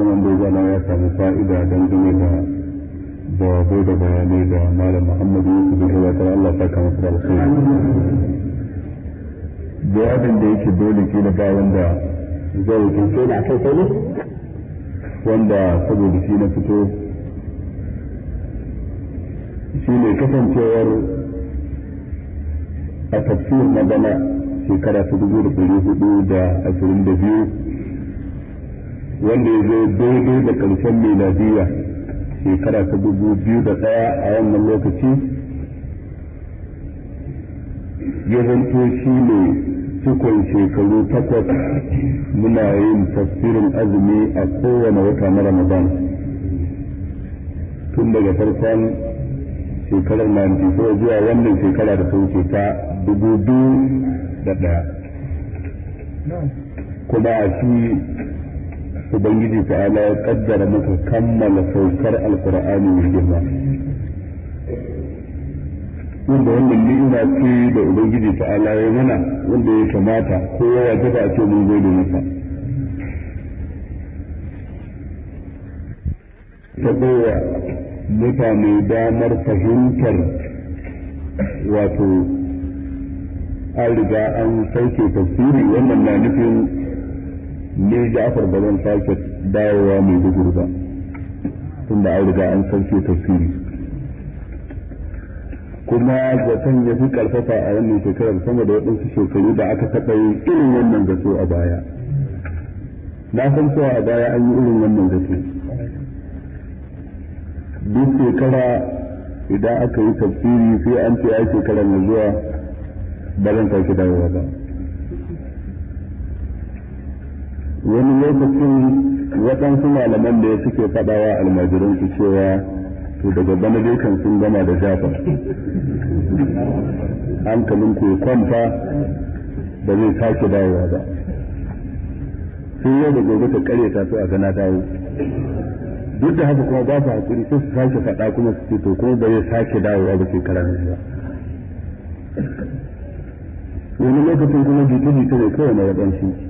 kuma bai zama ya samu fa'ida don dangane da jawabai da bayanai da malam muhammad yusuf bin rawatar allah ta kama su da alkhairi jawabin da yake dole ke da bayan da zai kince na kai sai wanda saboda shi na fito shi ne kasancewar a tafsir magana shekara ta dubu da ɗari hudu da ashirin da biyu wanda ya zo daidai da ƙarshen miladiya shekara ta dubu biyu da ɗaya a wannan lokaci ya zanto shi ne cikon shekaru takwas muna yin tafsirin azumi a kowane wata na ramadan tun daga farkon shekarar 94 zuwa wannan shekara da wuce ta dubu biyu da ɗaya kuma a shi ubangiji ta ala ya kaddara maka kammala saukar alkur'ani mai girma wanda wannan ni'ima ce da ubangiji ta ala ya mana wanda ya kamata ko ya ba a ce mun gode masa ta baiwa mutane damar fahimtar wato an riga an sauke tafsiri wannan na nufin ne Ja'far ba zan sake dawowa mai gudur ba tunda an riga an sauke tafsiri kuma zaton ya fi karfafa a wannan shekarar sama da waɗansu shekaru da aka taɓa yin irin wannan zato a baya na san cewa a baya an yi irin wannan zato duk shekara idan aka yi tafsiri sai an ce ai shekarar mai zuwa ba zan sake dawowa ba wani lokacin waɗansu malaman da ya suke faɗawa almajiran su cewa to daga bana dai kan sun gama da jafar hankalin ko kwanta ba zai sake dawowa ba sun yau da gobe ta kare ta su a gana dawo duk da haka kuma ba su haƙuri sai su sake faɗa kuma su ce to kuma ba zai sake dawowa ba shekara na ba wani lokacin kuma jita-jita ne kawai na waɗansu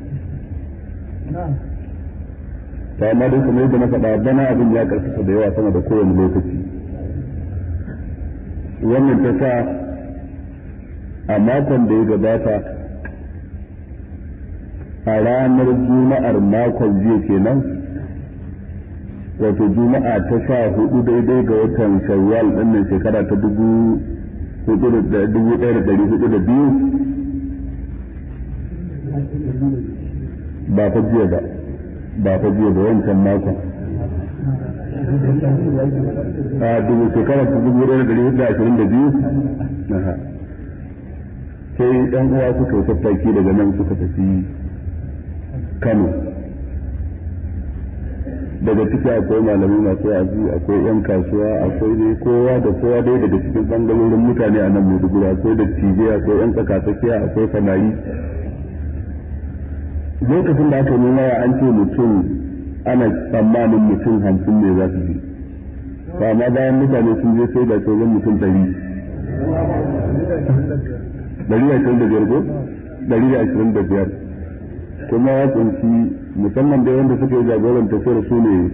ta amma dai kuma yadda na faɗa bana abin ya ƙarfafa da yawa sama da kowane lokaci wannan ta sa a makon da ya gabata a ranar juma'ar makon jiya kenan wato juma'a ta sha hudu daidai ga watan shawwal ɗannan shekara ta dubu dubu ɗaya da ɗari hudu da biyu ba ta jiya ba ba ta jiya ba wancan makon a dubu shekara ta dubu ɗaya da ɗari da ashirin da biyu sai ɗan uwa suka yi tattaki daga nan suka tafi kano daga ciki akwai malami masu yazi akwai yan kasuwa akwai ne kowa da kowa dai daga cikin bangarorin mutane a nan maiduguri akwai da akwai yan tsakatsakiya akwai samari lokacin da aka nuna ya an ce mutum ana tsammanin mutum hamsin ne za su ji to amma bayan mutane sun je sai da sauran mutum ɗari ɗari da ashirin da biyar ko ɗari ashirin da biyar kuma ya kunshi musamman da wanda suka yi jagoran tafiyar su ne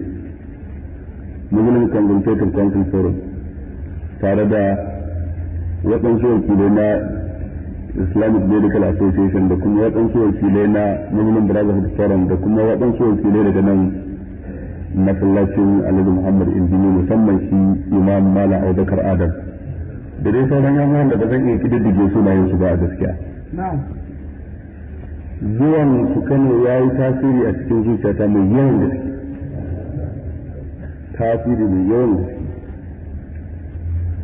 muslim consultative council forum tare da waɗansu wakilai na islamic medical association da kuma waɗansu wakilai na muslim brotherhood forum da kuma waɗansu wakilai daga nan masallacin alhaji muhammad injini musamman shi imam malam aubakar adam da dai sauran yan da ba zan iya kididdige sunayen su ba a gaskiya zuwan su kano ya yi tasiri a cikin zuciyata mai yawan gaske tasiri mai yawan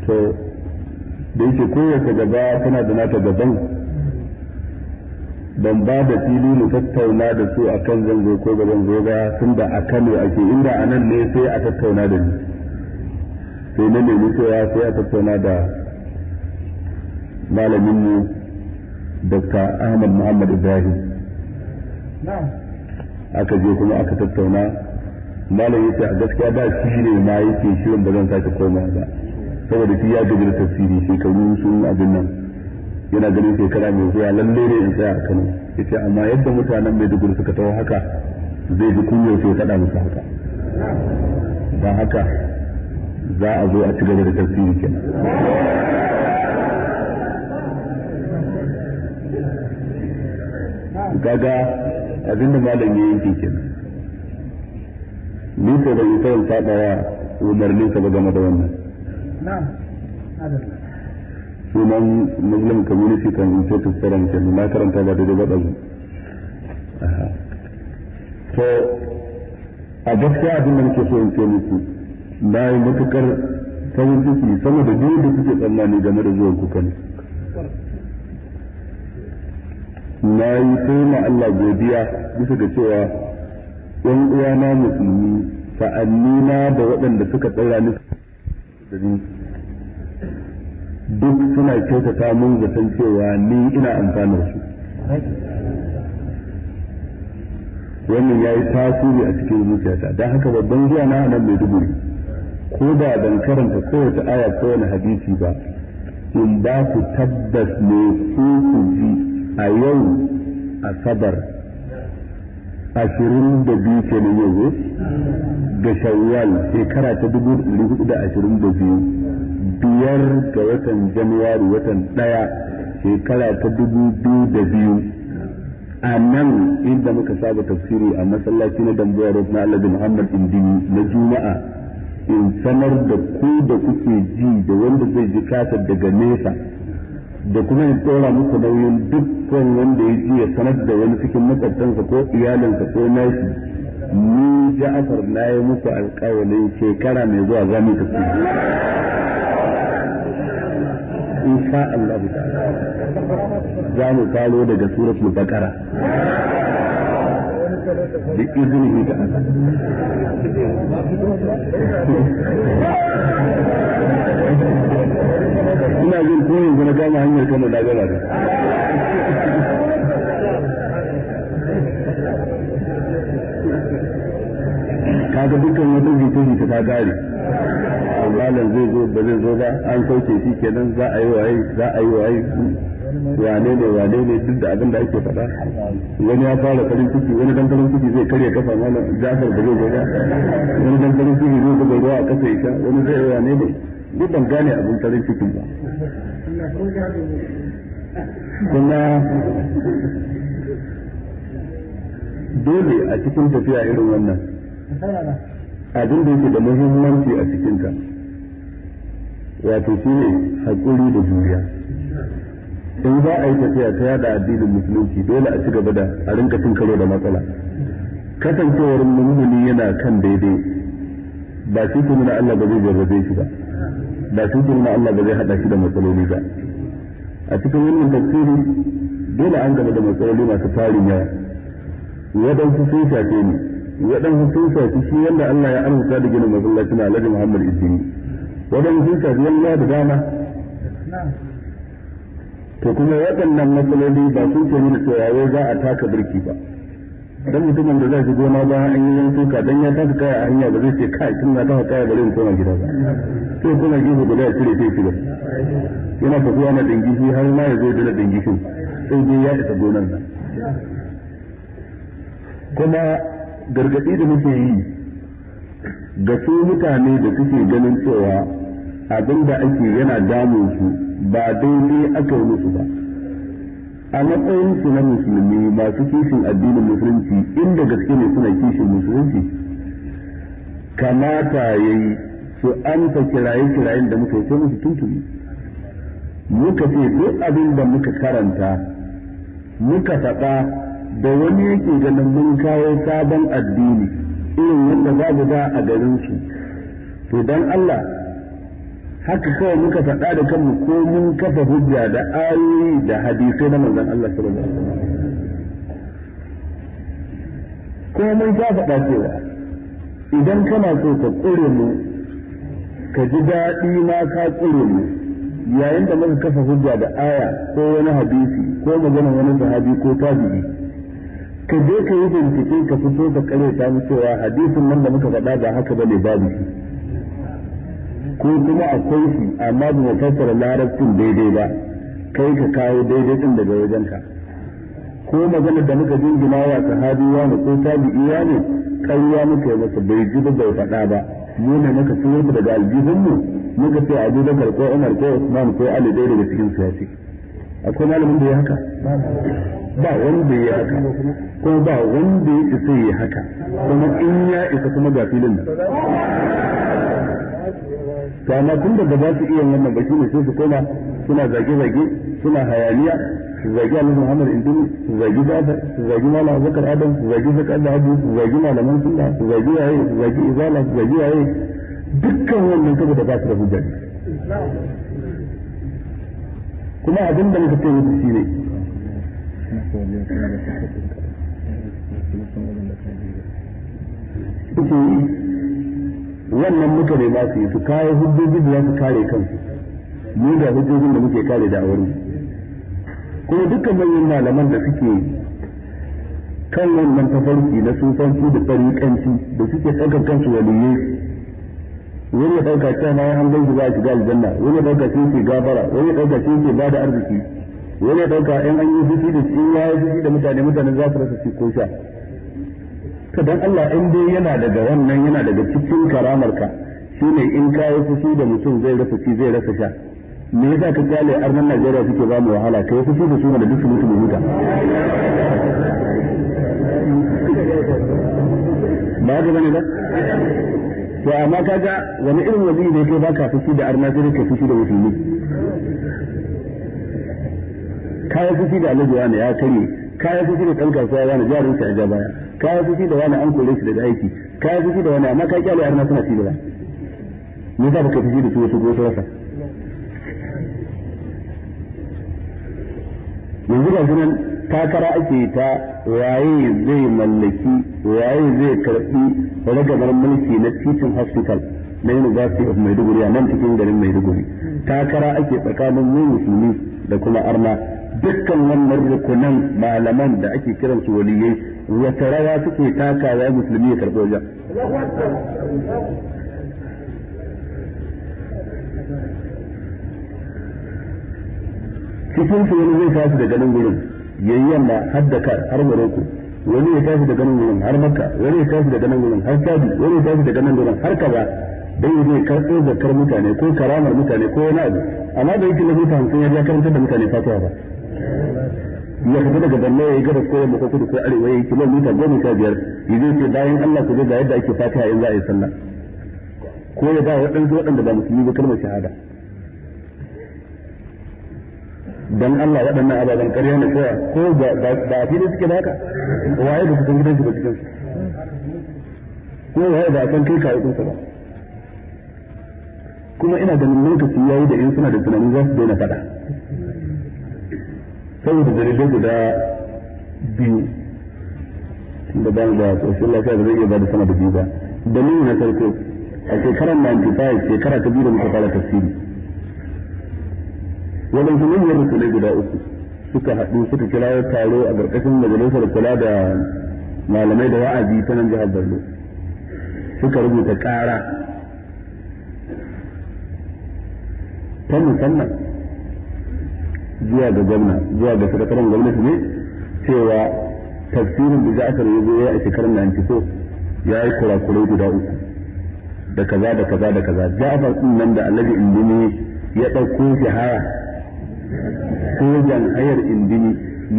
to da yake kowace gaba tana da nata gaban ban ba da fili mu tattauna da su akan zango ko ga zo ba tun da a Kano ake inda a nan ne sai a tattauna da ni sai na nemi cewa sai a tattauna da malamin mu Dr. Ahmad Muhammad Ibrahim aka je kuma aka tattauna malam yace a gaskiya ba shi ne ma yake shirin ba zan sake koma ba saboda shi ya dogara tafsiri shekaru sun abin nan yana ganin shekara mai zuwa lalle ne in tsaya a Kano ce amma yadda mutanen mai dogara suka tawo haka zai ji kunya sai ya faɗa musu haka ba haka za a zo a ci gaba da tafsiri kenan abin abinda malam ya yanke kenan ni ko da yi kawai da umarninsa ba game da wannan sunan muslim community ta forum ke na karanta ba daidai ba ɗazu to a gaskiya abin da nake so in ce muku na yi matuƙar farin ciki sama da biyu da kuke tsammani game da zuwan ku kan na yi tsoma Allah godiya bisa ga cewa ‘yan uwana musulmi fa'annina da waɗanda suka tsara ni da duk suna kyautata mun zaton cewa ni ina amfanar su wannan ya yi tasiri a cikin zuciyata don haka babban zuwa na nan mai duburi ko da ban karanta kowace aya ko wani hadisi ba in ba ku tabbas ne ku ku ji a yau asabar ashirin da biyu nan yau ga shawwal shekara ta dubu da ashirin da biyu biyar ga watan januwari watan ɗaya shekara ta dubu biyu da biyu a nan inda muka saba tafsiri a masallaci na dambuwa road na alhaji muhammad indimi na juma'a in sanar da ku da kuke ji da wanda zai ji kasa daga nesa da kuma in tsora muku nauyin dukkan wanda ya ji ya sanar da wani cikin makwabtansa ko iyalinsa ko nashi ni ja'afar na yi muku alƙawalin shekara mai zuwa za mu tafi insha Allah za mu kalo daga suratul baqara da izini ta Allah ina jin ko yanzu gama hanyar kano da gaba da kaga dukkan wani jita-jita ta kare malam zai zo ba zai zo ba an sauke shi kenan za a yi waye za a yi waye wane ne wane ne duk da abin da ake faɗa wani ya fara farin ciki wani dan farin ciki zai karya kafa mana jafar da zai zo ba? wani dan farin ciki zai zuba ruwa a kasa ita wani zai yi wane ne duk ban gane abin farin cikin ba kuma dole a cikin tafiya irin wannan abin da yake da muhimmanci a cikinta wato shi ne haƙuri da juriya in za a yi tafiya ta yada addinin musulunci dole a ci gaba da a rinka cin karo da matsala kasancewar mummuni yana kan daidai ba shi ke nuna Allah ba zai jarrabe shi ba ba shi ke nuna Allah ba zai haɗa shi da matsaloli ba a cikin wannan tafsiri dole an gaba da matsaloli masu farin yawa waɗansu sun shafe ni waɗansu sun shafi shi wanda Allah ya amsa da gina masallacin Alhaji Muhammad Isini waɗansu sun shafi wani da dama to kuma waɗannan matsaloli ba sun ce mana cewa wai za a taka birki ba dan mutumin da zai gona ba an yi yan dan ya taka kaya a hanya ba zai ce kai tun na taka kaya bari in koma gida ba sai kuma gefe guda ya cire sai shiga yana tafiya na shi har ma ya zo da shi sai dai ya isa gonan nan kuma gargadi da muke yi ga su mutane da suke ganin cewa abin da ake yana damun su ba daidai aka yi musu ba a matsayin su na musulmi masu kishin addinin musulunci inda gaske ne suna kishin musulunci kamata ya yi su amsa kiraye-kirayen da muka yi sai musu tuntuni muka ce duk abin da muka karanta muka faɗa da wani yake ganin mun kawo sabon addini irin wanda babu da a garin su to dan Allah haka kawai muka faɗa da kanmu ko mun kafa hujja da ayoyi da hadisai na manzon Allah sallallahu alaihi ko mun ta faɗa cewa idan kana so ka tsire mu ka ji daɗi ma ka tsire mu yayin da muka kafa hujja da aya ko wani hadisi ko magana wani sahabi ko tabi'i ka je ka yi bincike ka fito da kare ta mu cewa hadisin nan da muka faɗa ba haka bane babu shi ko kuma akwai shi amma ba mu fassara larabcin daidai ba kai ka kawo daidai din daga wajenka ko magana da muka jingina wa sahabi wa ne ko tabi'i wa ne ƙarya muka yi masa bai ji ba bai faɗa ba mu ne muka tsoro daga aljihun mu muka ce Abu Bakar ko Umar ko Usman ko Ali dai daga cikin su yace akwai malamin da ya haka ba wanda ya haka ko ba wanda ya isa ya haka kuma in ya isa kuma ga filin nan ta amma tun da ba su iya wannan ba shi ne sai su koma suna zage-zage suna hayaniya su zage Alhaji Muhammad Indimi su zage Jafar su zage Malam Zakar Adam su zage Zakar da Abu su zage malaman sunna su zage yaye su zage Izala su zage yaye dukkan wannan saboda ba su da hujja kuma abin da muka ce shi ne. wannan mutane ba su yi su kawo hujjoji da za su kare kansu mu da hujjojin da muke kare da wurin kuma dukkan manyan malaman da suke kan wannan tafarki na sufanci da tsarikanci da suke ɗaukar kansu waliyai wani ya ɗauka cewa ma ya hangar shi a shiga aljanna wani ya ɗauka shi ke gabara wani ya ɗauka shi ke ba da arziki yana dauka in an yi fushi da in ya yi fushi da mutane mutane za su rasa ko sha ka dan Allah in dai yana daga wannan yana daga cikin karamarka. shi ne in ka yi fushi da mutum zai rasa ci zai rasa sha me yasa ka kyale arnan Najeriya suke ba mu wahala yi fushi da su da duk su mutu mu ba ga bane ba to amma kaga wani irin wazi ne kai baka fushi da arna sai ka fushi da musulmi kayan fushi da alhaji wani ya karye kayan fushi da kanka sai wani jarin shi a ja baya kayan fushi da wani an kore shi daga aiki kayan fushi da wani amma ka kyale har na suna ci gaba me za ka fushi da su wasu ko rasa yanzu ga sunan takara ake ta waye zai mallaki waye zai karbi ragamar mulki na titin hospital na university of maiduguri a nan cikin garin maiduguri takara ake tsakanin mu musulmi da kuma arna dukkan wannan rukunan malaman da ake kiran su waliyai wata rawa suke takawa musulmi ya karɓo ja cikin su wani zai tashi da ganin gurin yayi yamma har Dakar har maroko wani ya tashi da ganin gurin har Makka wani ya tashi da ganin gurin har Chad wani ya tashi da ganin gurin har kaza dan zai karɓo zakar mutane ko karamar mutane ko wani abu amma da yake na mutane sun ya karanta da mutane fatuwa ba ya fita daga banna ya yi gabas ko da ko kudu ko arewa ya yi kilomita goma sha biyar ya zai ce bayan Allah ku ga yadda ake fatiha in za a yi sallah ko ya ba waɗansu waɗanda ba musulmi ba kalmar shahada dan Allah waɗannan ababen ƙarya na cewa ko ba a fili suke baka waye ba kusan gidansu ba cikin ko waye ba san kai kawo ɗinsa ba kuma ina ganin lokaci ya yi da in suna da tunanin za su daina faɗa saboda dalilai guda biyu da ban da ƙoshin lafiya da zai iya da sama da biyu ba dalili na farko a shekarar 95 shekara ta biyu da muka fara tafsiri waɗansu manyan rukunai guda uku suka haɗu suka kira taro a ƙarƙashin majalisar kula da malamai da wa'azi ta nan jihar Borno suka rubuta ƙara ta musamman zuwa ga gwamna zuwa ga sakataren gwamnati ne cewa tafsirin da ja'afar ya zo ya a shekarar 94 ya yi kurakurai guda uku da kaza da kaza da kaza ja'afar din nan da annabi indini ya ɗauko shi haya sojan hayar indini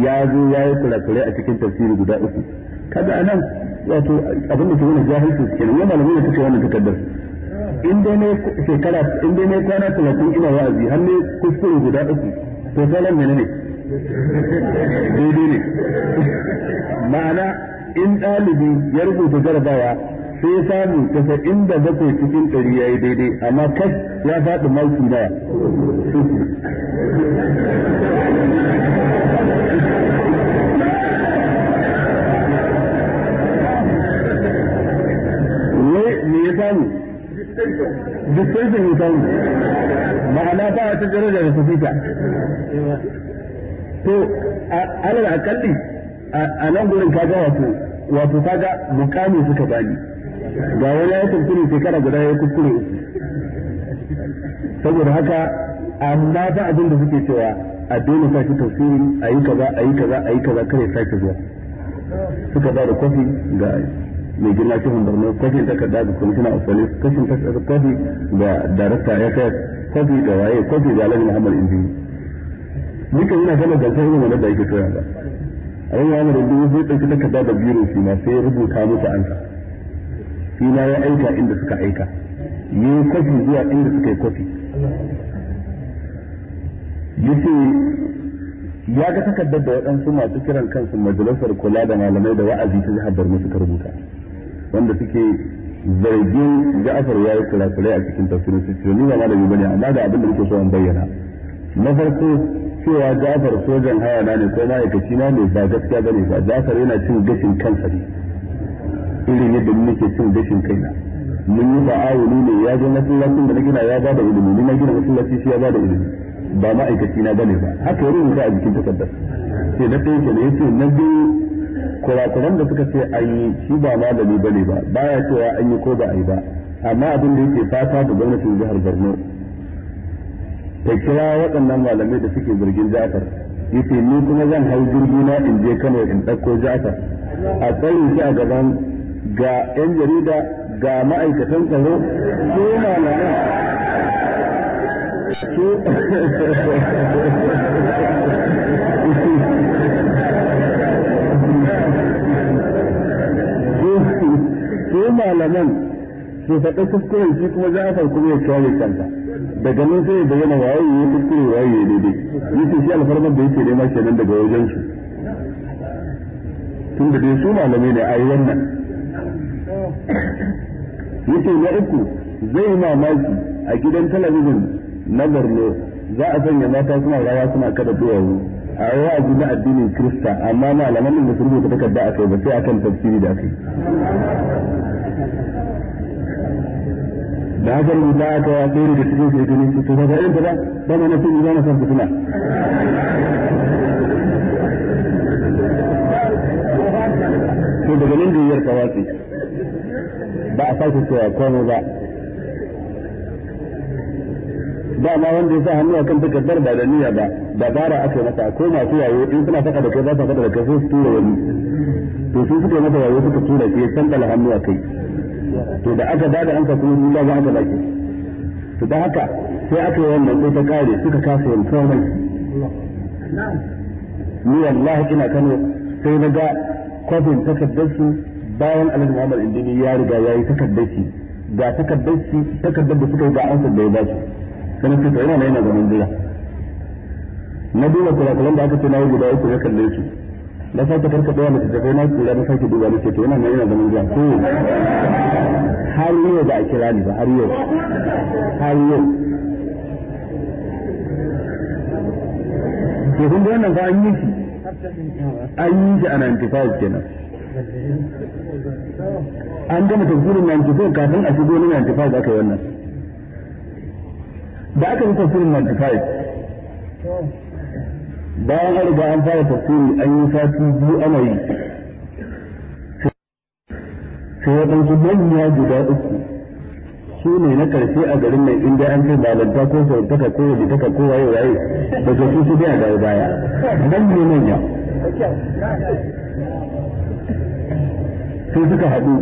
ya zo ya yi kurakurai a cikin tafsiri guda uku kada anan wato abin da ke wani jahilci su kenan yau malamai da suke wannan takardar in dai ne shekara in dai ne kwana talatin ina wa'azi har ne kuskure guda uku to sauran ne daidai ne ma'ana in ɗalibi ya rubuta jarabawa sai samu tasa'in da bakwai cikin ɗari ya yi daidai amma kas ya faɗi maki daya wai me ya samu duk sai su yi ma'ana ba wata daraja da su fita to alal akalli a nan gurin kaga wato wato kaga mukami suka bani ga wani ya kuskure shekara guda ya kuskure saboda haka amma ba abin da suke cewa a dole sa shi tafsiri a yi kaza a yi kaza a yi kaza kare sake zuwa suka ba da kwafi ga mai girma cikin kwafi kafin takarda da kwamishina a polis kafin takarda kofi da darakta ya kai kofi da waye kofi da alamu muhammad indi duka yana gama gantar yin wani da yake koya ba a yin yamar indi zai ɗauki takarda da biro shi ma sai rubuta musu ansa shi ma ya aika inda suka aika yi kofi zuwa inda suka yi kofi yace ya ga takardar da waɗansu masu kiran kansu majalisar kula da malamai da wa'azi ta jihar Borno suka rubuta wanda suke zargin Ja'far yayi kurakurai a cikin tafsirin su ce ni ba malami bane amma da abin da muke so an bayyana na farko cewa Ja'far sojan haya na ne ko ma'aikaci na ne ba gaskiya bane ba Ja'far yana cin gashin kansa ne irin yadda muke cin gashin kaina mun yi ta'awuni ne ya je masallacin da na gina ya ba da ilimi ni na gina masallaci shi ya ba da ilimi ba ma'aikaci na bane ba haka yi rubuta a jikin takardar sai na ɗaya ne ce na biyu kurakuran da suka ce an yi shi ba malami bane ba baya cewa an yi ko ba a yi ba amma abin da yake fata da gwamnatin jihar Borno ta kira waɗannan malamai da suke zargin Ja'far yace ni kuma zan hau jirgi na in je Kano in ɗauko Ja'far a tsayin shi a gaban ga 'yan jarida ga ma'aikatan tsaro ko malamai malaman su faɗa kuskuren shi kuma a kuma ya kare kanta daga nan sai da yana waye ya kuskure waye ya daidai yake shi alfarmar da yake nema kenan daga wajen su tun da dai su malamai ne a yi wannan yake na uku zai mamaki a gidan talabijin na Borno za a sanya mata suna rawa suna kada duwawu a wa'azi na addinin Kirista amma malaman da su rubuta takarda a kai ba sai akan tafsiri da kai da haka yi ba aka ya da cikin su gani to ba ga ba ba ma fi ba na san fitina to daga nan da yiyar kawatsi ba a sake cewa komai ba ma wanda ya sa hannu akan takardar ba da niyya ba dabara aka yi masa ko masu yayo in suna saka da kai za su faɗa da kai sai su tura wani to sai suka masa wayo suka tura shi san sandala hannu a kai to da aka bada ansa kuma mun ba aka baki to da haka sai aka yi wannan ko ta kare suka kasa yin komai ni wallahi ina Kano sai na ga kwafin takardar su bayan Alhaji Muhammad Indini ya riga yayi takardar shi ga takardar shi da suka yi ga ansa da ya ba su sai ta ce ina na yana zaman jira na duba kurakuran da aka ce na yi guda uku na kalle su na sake karka daya da tattafai na kula na sake duba na ce to yana yana zaman jiya ko har yau ba a kira ni ba har yau har yau ke kun ga wannan fa an yi shi an yi shi a 95 kenan an gama tafsirin 95 kafin a shigo na 95 aka yi wannan da aka yi tafsirin 95 bayan an riga an fara tafsiri an yi sati biyu ana yi sai waɗansu manya guda uku su ne na karshe a garin mai inda an ce balanta ko sautaka ko taka ko waye waye da su su biya gari baya nan ne manya sai suka haɗu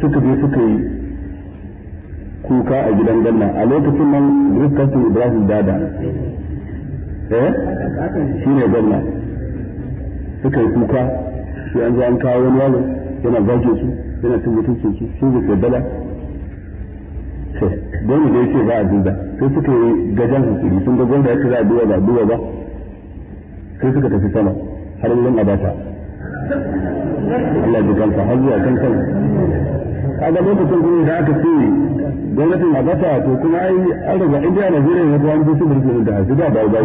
suka je suka yi kuka a gidan ganna a lokacin nan rikkasin ibrahim dada eh shi ne ganna suka yi kuka Shi an an kawo wani yaro yana zage su yana cin mutuncin su sun ga tsadala don da yake ba a duba sai suka yi gajan hukuri sun ga gwanda yake za a duba ba duba ba sai suka tafi sama har yin abata Allah ya kansa har zuwa kan kan kaga lokacin gurin da aka ce gwamnatin na gata to kuma ai an riga in a Najeriya ne kuma an bisu birki da hasu da bai bai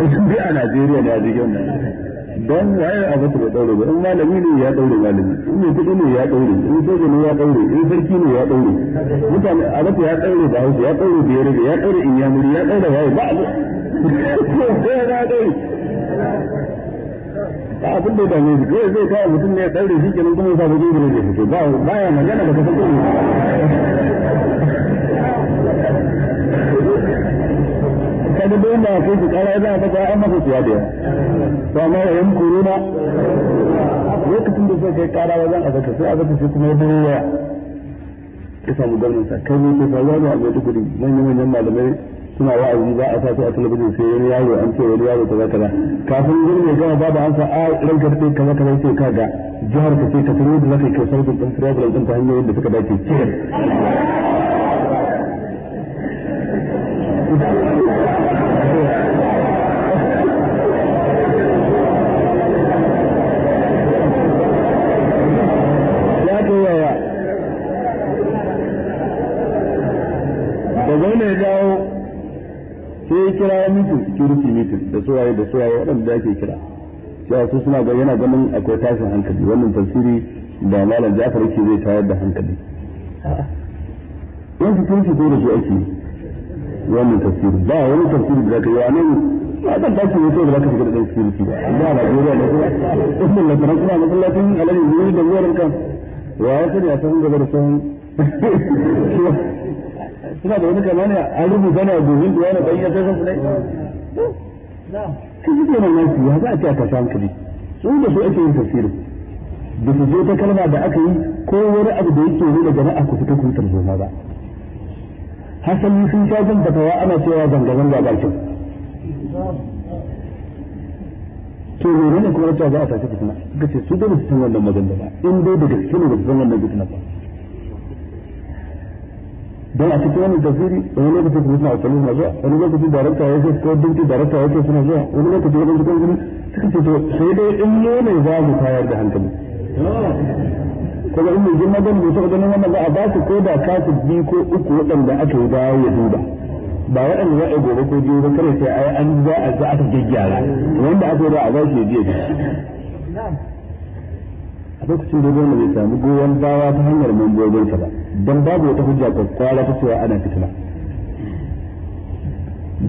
in bi a Najeriya da a jikin nan don waye a gata da daure ba in malami ne ya daure malami in mai kudi ne ya daure in soja ne ya daure in sarki ne ya daure mutane a gata ya daure da hausa ya daure da ya ya daure in ya muri ya daure waye ba ko ko ya daure ba abin da dame shi zai kawo mutum ne ya ɗaure kenan kuma sa bakin gure zai fito ba ya magana da ka kuma kaga dai da kai su kara za ka ga an masa siya da to amma yayin corona lokacin da sai kai kara wajen a zaka sai a zaka sai kuma ya dawo waya ya samu gwamnati kai ne ke faruwa da a mai duguri manyan manyan malamai suna wa'azi za a sa su a talabijin sai wani yaro an ce wani yaro kaza kaza kafin gurin ya gama babu an sa a ranka da kaza kaza sai ka ga jihar ka ce ka furo da zaka kai sautin ɗan travel din ta hanyoyin da suka dace kiran da suwaye da suwaye waɗanda ake kira cewa su suna ga yana ganin akwai tashin hankali wannan tafsiri da malam Ja'far yake zai tayar da hankali yan fitin su dole su ake wannan tafsiri ba wani tafsiri da zaka yi a nan ba zan tashi ne sai da zaka shiga da dan security ba amma Najeriya ne kuma Allah ta kuma masallacin alaji ne da wurin kan wa ya sani a san gaba da san suna da wani kamar ne a rubuta ne a gobe da wani bayyana sai sun sun yi tsoron na ya za a ce a tashi hankali sun da su ake yin tafsirin da su zo ta kalma da aka yi ko wani abu da yake nuna jama'a ku fita kuntar zoma ba yi sun sha da fatawa ana cewa zanga-zanga ba kyau to ne ne kuma cewa za a tafi fitina suka ce su da su san wannan magana ba in dai da gaske ne ba su san wannan fitina ba don a cikin wannan tafsiri wani lokaci kuma suna alƙalu na zuwa wani lokaci darakta ya ce ko dinki da darakta ya ce suna zuwa wani lokaci wani cikin gini suka ce to sai dai in mu ne za mu tayar da hankali kuma in mai girma don mutu wajen ganin wannan ba a ba su ko da kasu biyu ko uku waɗanda aka yi dawo ya duba ba waɗanda za a yi gobe ko biyu ba kare sai an za a za aka gyaggyara wanda aka yi da a ba su ya biya lokacin da gwamna bai samu goyon bawa ta hanyar membobinsa ba don babu wata hujja kwakwara ta cewa ana fitina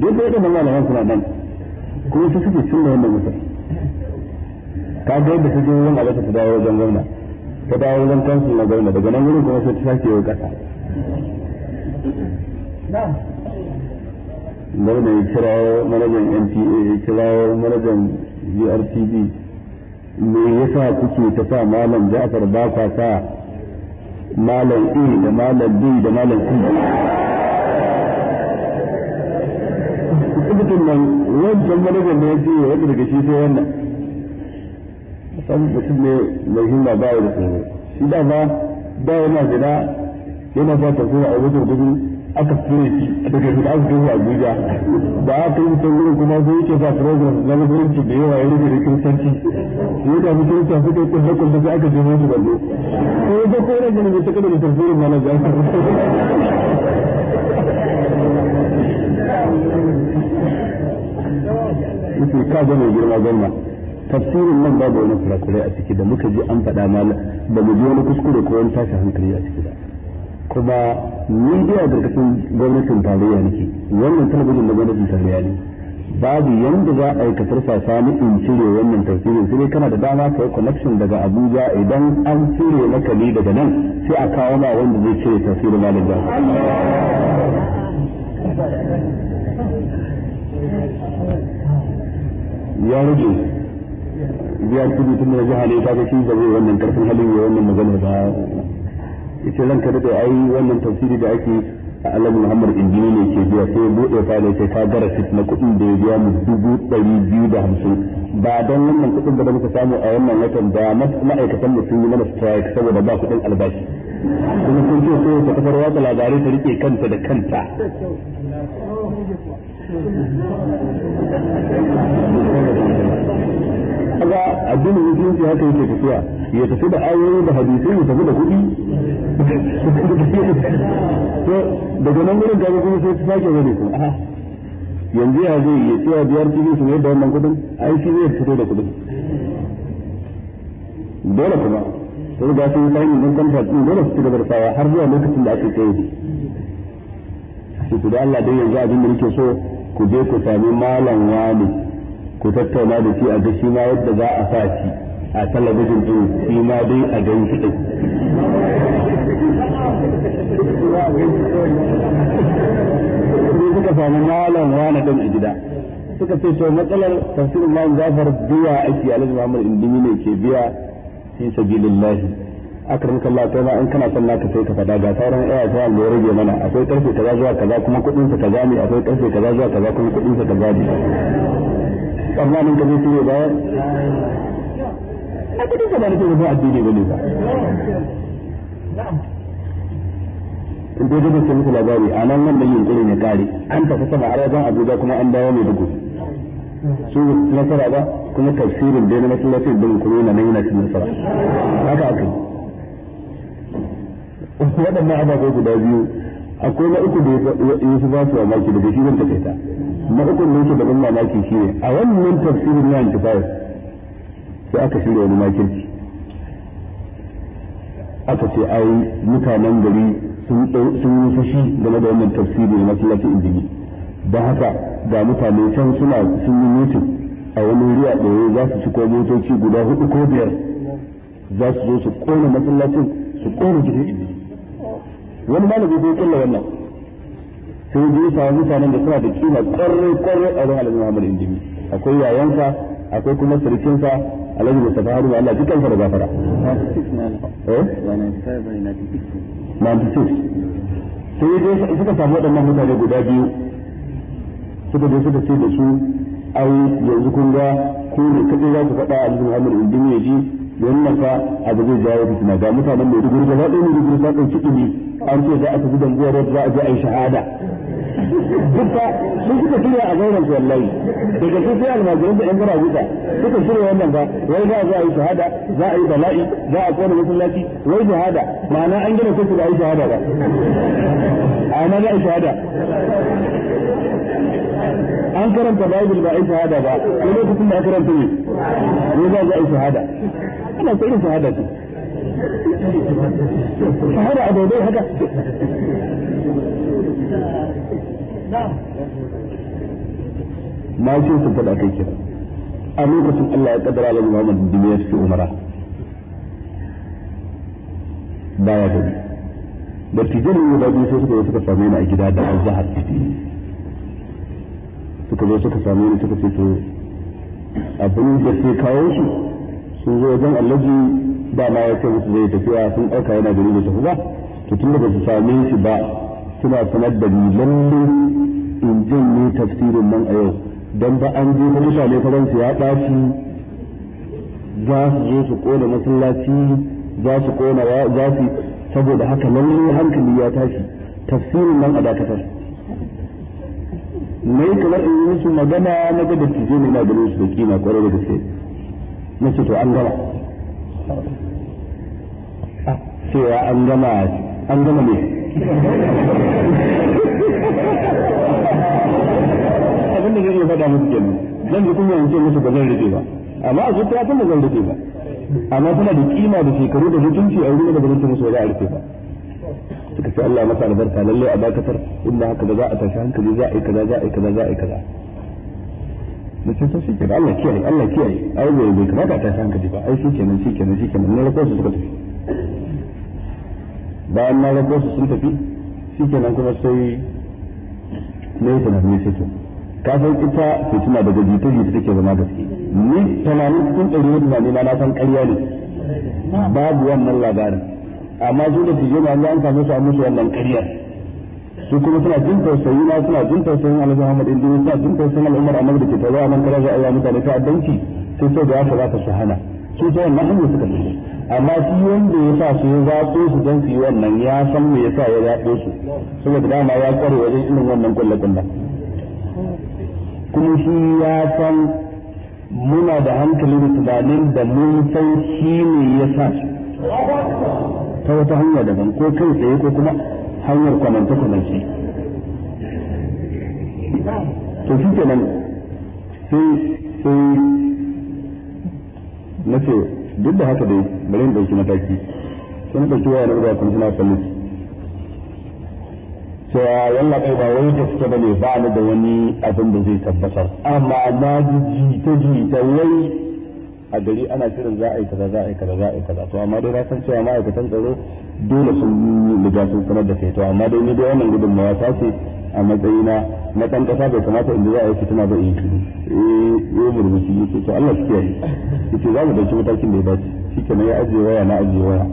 duk da waɗannan malaman suna nan kuma su suke cin da wannan mutum ka ga yadda suke yin a ta dawo wajen gwamna ta dawo wajen kansu na gwamna daga nan wurin kuma sai ta sake yau ƙasa gwamna ya kirawo manajan mta ya kirawo manajan urtb me yasa kuke ta sa malam Ja'far ba ka sa malam A da malam B da malam C mutum nan wancan manajan da ya ce wanda daga shi sai wannan samun mutum ne mai himma ba da tsoro shi da ba da yana zina yana sa tafiya a wajen gudu aka fure shi daga guda aka kai Abuja da aka yi tsaye kuma zai yake ba program na musulunci da yawa ya rufe da kiristanci sai da musulunci suka yi kulle kulle sai aka jima shi ballo sai da ko rage ne ta kada da tafsirin malaji aka yake ka ga mai girma gwamna tafsirin nan babu wani kurakure a ciki da muka ji an faɗa mal ba mu ji wani kuskure ko wani tashin hankali a ciki ba kuma ni dai a kasan gwamnatin tarayya nake wannan talabijin da gwamnatin tarayya ne babu yanda za a yi ka turfasa ni in cire wannan tafsirin sai kana da dama ka yi connection daga Abuja idan an cire maka ni daga nan sai a kawo ma wanda zai cire tafsirin malam da ya rage biyar kudi tun da jihar ne ta ga shi zai wannan karfin halin ya wannan magana da. yace ranka da ai wannan tafsiri da ake Allah Muhammad Indini ne ke biya sai bude fayil sai ka gara sit na kuɗin da ya biya mu dubu dari biyu da hamsin ba don wannan kuɗin da muka samu a wannan watan da ma'aikatan mu sun yi mana strike saboda ba kuɗin albashi kuma sun ce so ta kafar watsa labarai ta rike kanta da kanta kaga addinin musulunci haka yake tafiya ya tafi da ayoyi da hadisai ya tafi da kuɗi daga nan wurin gaba kuma sai su sake wani ko yanzu ya zai yi tsaya biyar cikin su ne da wannan kudin ai shi zai fito da kudin dole kuma sai ga sun sai mun kanta din dole su gaba da har zuwa lokacin da ake kai shi ku da Allah dai yanzu abin da nake so ku je ku sami malam wani ku tattauna da shi a ga shi ma yadda za a sa shi a talabijin din shi ma dai a gan shi din sai suka samu malam wani ɗan a gida suka ce to matsalar tafsirin malam zafar biya ake alhaji muhammad indimi ne ke biya fi sabilillahi akram kallah ta ma in kana son naka sai ka fada ga sauran iya ta da rage mana akwai karfe kaza zuwa kaza kuma kuɗin ka kaza ne akwai karfe kaza zuwa kaza kuma kuɗin ka kaza ne amma nan ka zai ne ba na kuɗin sa ba nake ba addini ne ba in dai dai sai muku labari a nan wannan yunkuri ne kare an tafi sama a wajen Abuja kuma an dawo ne dugu su nasara ba kuma tafsirin dai na masallacin din kuma na nan yana cikin nasara haka aka yi waɗannan ababai guda biyu akwai na uku da su ba su maki daga shi zan ta na uku da yake daban mamaki shi ne a wannan tafsirin yawan kifayar sai aka shirya wani makin aka ce ai mutanen gari sun yi fushi game da wannan tafsiri na masallacin injini ba haka ga mutane can suna sun yi mutum a wani wuri a ɗaya za su ci motoci guda hudu ko biyar za su zo su kona masallacin su kona jirgin injini wani malami zai kalla wannan sai zai samu mutanen da suna da kima kwarai kwarai a wurin alhaji muhammad injini akwai yayansa akwai kuma sarkinsa alhaji mustafa haruna allah cikin da gafara 96 sai dai suka samu waɗannan mutane guda biyu suka je suka ce da su ai yanzu kun ga ko ne kaɗai za ku faɗa a cikin amur indin ya ji wannan fa abu zai jawo fitina ga mutanen mai riguru gaba ɗaya mai riguru sa ɗauki ɗumi an ce za a tafi dambuwar za a je a yi shahada dukka sun suka shirya a zauren su wallahi daga sun sai almajirin da yan gara wuta suka shirya wannan ba wai za a zo a yi shahada za a yi bala'i za a kona masallaci wai shahada ma'ana an gina kusa da a yi shahada ba amma za a yi shahada an karanta bible ba a yi shahada ba sai lokacin da aka karanta ne ne za a zo a yi shahada ana sai shahada ce shahada a بيه هذا ما ce su faɗa kai kira a lokacin Allah Allah Muhammad dubu ya tafi da tijirin guda biyu sai suka zo suka same ni a gida da azhar suka zo suka same ni suka ce to abin da su sun zo wajen allaji dama ya ce musu zai tafiya sun ɗauka yana gari da tafi ba to tun da ba su same shi ba suna sanar da ni lalle in janye tafsirin nan a yau don ba an je mutane faransa ya ɗaci za su zo su ƙona masallaci za su ƙona za su saboda haka lalle hankali ya tashi tafsirin nan a dakatar na yi kamar in yi musu magana na gaba su je ne na ganin su da kima kwarai da gaske na ce to an gama Ah, cewa an gama an gama ne abin da zai iya faɗa musu kenan zan ji kuma yanzu musu ba zan rike ba amma a zuciya tun da zan rike ba amma tana da kima da shekaru da mutunci a wurin da ba zan musu ba za a rike ba suka ce Allah masa albarka lalle a dakatar inda haka ba za a tashi hankali za a yi kaza za a yi kaza za a yi kaza mutum sun shi kenan Allah kiyaye Allah kiyaye ai bai bai kamata ta san kaji ba ai shi kenan shi kenan shi kenan na rako su suka tafi bayan na rako su sun tafi shi kenan kuma sai ne ta nan ne to ka san ita da daga jita jita take zama gaske ni tunanin cikin ɗari wanda ne ma na san ƙarya ne babu wannan labarin amma zuwa da su je ma an samu su a musu wannan ƙaryar su kuma suna jin tausayi na suna jin tausayin alhaji Muhammad Indini suna jin tausayin al'ummar Ahmad da ke tazo a nan karaza ayyana mutane ta addanci sai sai da haka za ta hana su ta wannan hanyar suka tafi amma shi wanda ya sa su ya su don su yi wannan ya san me yasa ya zaɓe su saboda dama ya kware wajen irin wannan kwallon da kuma shi ya san muna da hankali tunanin da mun san shi ne ya sa su ta wata hanya daban ko kai tsaye ko kuma hanyar kwananta kwananci to shi ke nan sai sai na ce duk da haka dai bari in ɗauki mataki sun ɗauki waya na uba kuma suna kalli cewa yalla kai ba wai da suke bane ba ni da wani abin da zai tabbatar amma na ji ta ji ta wai a gari ana shirin za a yi kaza za a yi kaza za a yi kaza to amma dai na san cewa ma'aikatan tsaro dole sun yi riga sun sanar da kai to amma dai ni dai wannan gudunmawa ta ce a matsayina na ɗan ƙasa bai kamata in za a yi fitina ba in yi eh, eh, murmushi yake to Allah shi kiyaye yake za mu dauki matakin da ya dace shi kenan ya ajiye waya na ajiye waya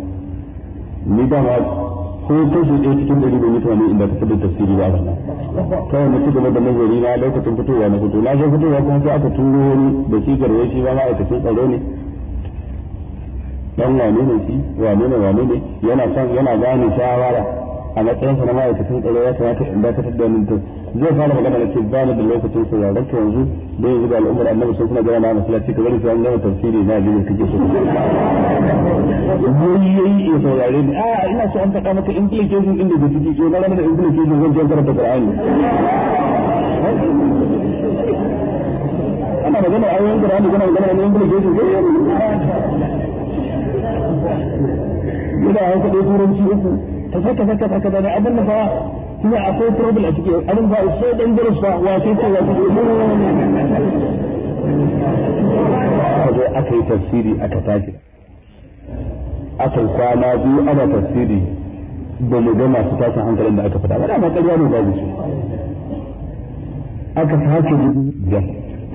ni ma. ko kashi ɗaya cikin ɗari bai mutane inda ta fito tafsiri ba ba kawai na cigaba da nazari na lokacin fitowa na fito na zo fitowa kuma sai aka turo wani da shi garwai shi ba ma'aikacin tsaro ne dan wane ne shi wane ne wane ne yana son yana gane shawara a matsayin sa na ma'aikacin tsaro ya kamata in dakatar da wannan tun zai fara magana da ke bani da lokacin sa ya ranka yanzu da yanzu ga al'ummar annabi sun kuma gana na masallaci ka bari an gama tafsiri na gina kake so yayi ya saurare ni a ina so an faɗa maka implication din da ke ciki ko eh, na ranar implication zan je karanta Qur'ani ana magana a yayin Qur'ani kana magana ne implication ko yana hankali turanci uku kaza kaza kaza kaza da abin da fa kuma akwai problem a cikin abin ba sai dan girus ba wa sai ce wa sai aka yi tafsiri aka tashi aka kwana biyu ana tafsiri ba mu ga masu tashin hankalin da aka faɗa ba da ma ƙarya ne babu su aka sake da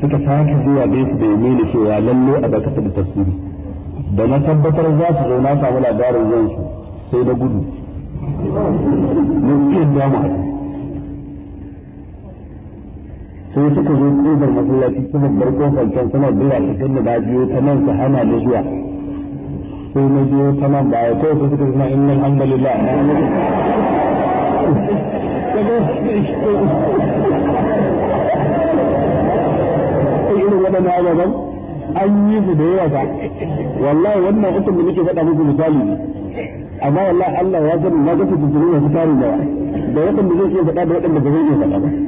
suka sake zuwa da su da yamini cewa lalle a dakatar da tafsiri da na tabbatar za su zauna samu labarin yansu sai da gudu mun iya da sai suka zo kofar masallaci suna bar kofar suna bira su kan da biyo ta nan su hana da zuwa sai na biyo ta nan ba baya kawai sai suka zama innal hamdalillah na yi irin waɗannan ababen an yi su da yawa ba wallahi wannan ita da nake faɗa muku misali amma wallahi Allah ya gani na ga fitintunu masu tarin da da waɗanda zai iya faɗa da waɗanda ba zai iya faɗa ba shi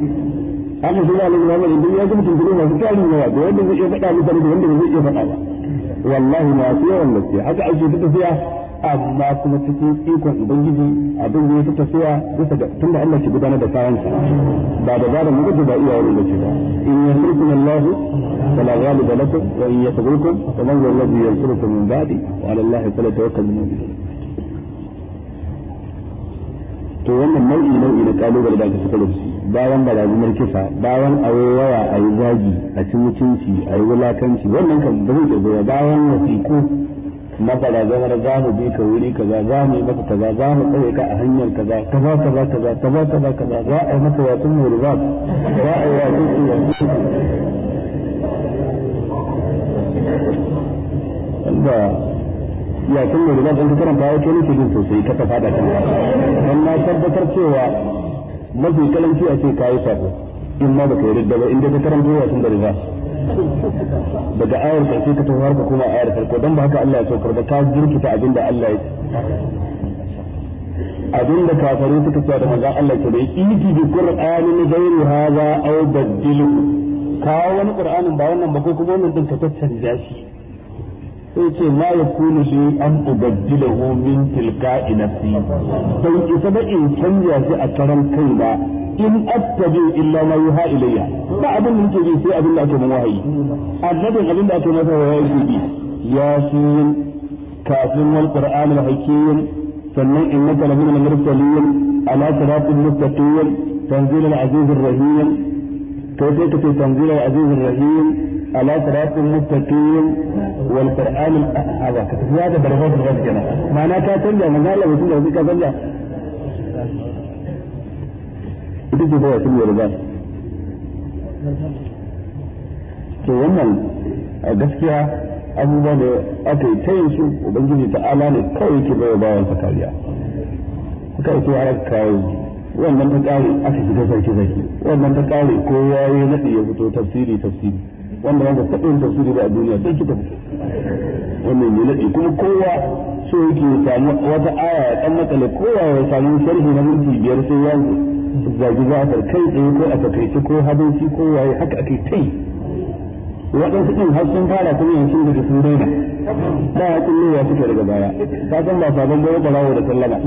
da Imam Ibn ya ga fitintunu masu tarin da da wanda zai iya faɗa mutane da wanda ba zai iya faɗa ba wallahi masu yawan gaske haka ake ta tafiya amma kuma cikin ikon ubangiji abin da ya fi tafiya bisa ga tunda Allah ke gudanar da kayan sa ba da ba da mutu ba iya wurin gaske ba in yasirkum Allah fala ghaliba lakum wa in yasirkum fa man alladhi yansurukum min ba'di wa ala Allah to wannan nau'i nau'i na kalubale da aka fita da shi bayan barazanar kisa bayan a waya a yi zagi a ci mutunci a yi wulakanci wannan kan ba zai kirgo bayan wasiku na barazanar za mu bi ka wuri kaza za mu yi maka kaza za mu tsaye ka a hanyar kaza kaza kaza kaza kaza kaza kaza za a yi maka wasan murbat za a yi wasan wanda ya kun ne riba sun karanta ya kai jin sosai ka ta fada kan dan na tabbatar cewa mafi kalanci a ce kayi sabo in ma baka yarda ba inda ka karanta ya sun da riba daga ayar karshe ka tafi harka kuma ayar farko don ba haka Allah ya saukar da ka jirkita abinda Allah ya abinda kafaru suka ce da manzon Allah ke da idi bi qur'anin ghayri hadha aw badilu ka wani qur'anin ba wannan ba ko kuma wannan din ka tattanja shi sai ce ma ya kuni shi an ubaddilahu min tilka'i nafsi sai isa da in canja shi a karan kai ba in attabi illa ma yuha ilayya ba abin da yake bi sai abin da ake mun yi annabi abin da ake masa wahayi ke bi ya shi kafin wal qur'an al hakim sannan innaka lamina min mursalin ala siratin mustaqim tanzil al aziz ar rahim kai sai kace tanzil al aziz ar rahim على صراط المستقيم والقرآن هذا هذا درجات الغد كده معناه كاتنجا مجالة وسيلة وسيلة كاتنجا ita ce kawai sun yarda to wannan a gaskiya abubuwa da aka yi tayin تيسو وبنجي ta ala ne kawai yake bai bayan على kariya wannan ta kare aka shiga sarki zaki wannan ta kare ko yayi nadi ya fito tafsiri tafsiri wanda wanda taɓa yin tafsiri ba a duniya sai kika fito wannan ne nadi kuma kowa so yake samu wata aya ya ɗan matsala kowa ya samu sharhi na minti biyar sai ya zagi a kai tsaye ko a fakaice ko hadoci ko waye haka ake kai waɗansu ɗin har sun fara kuma yanzu daga sun daina ba ya kullum ya suke daga baya ta san ba sabon bayo barawo da sallama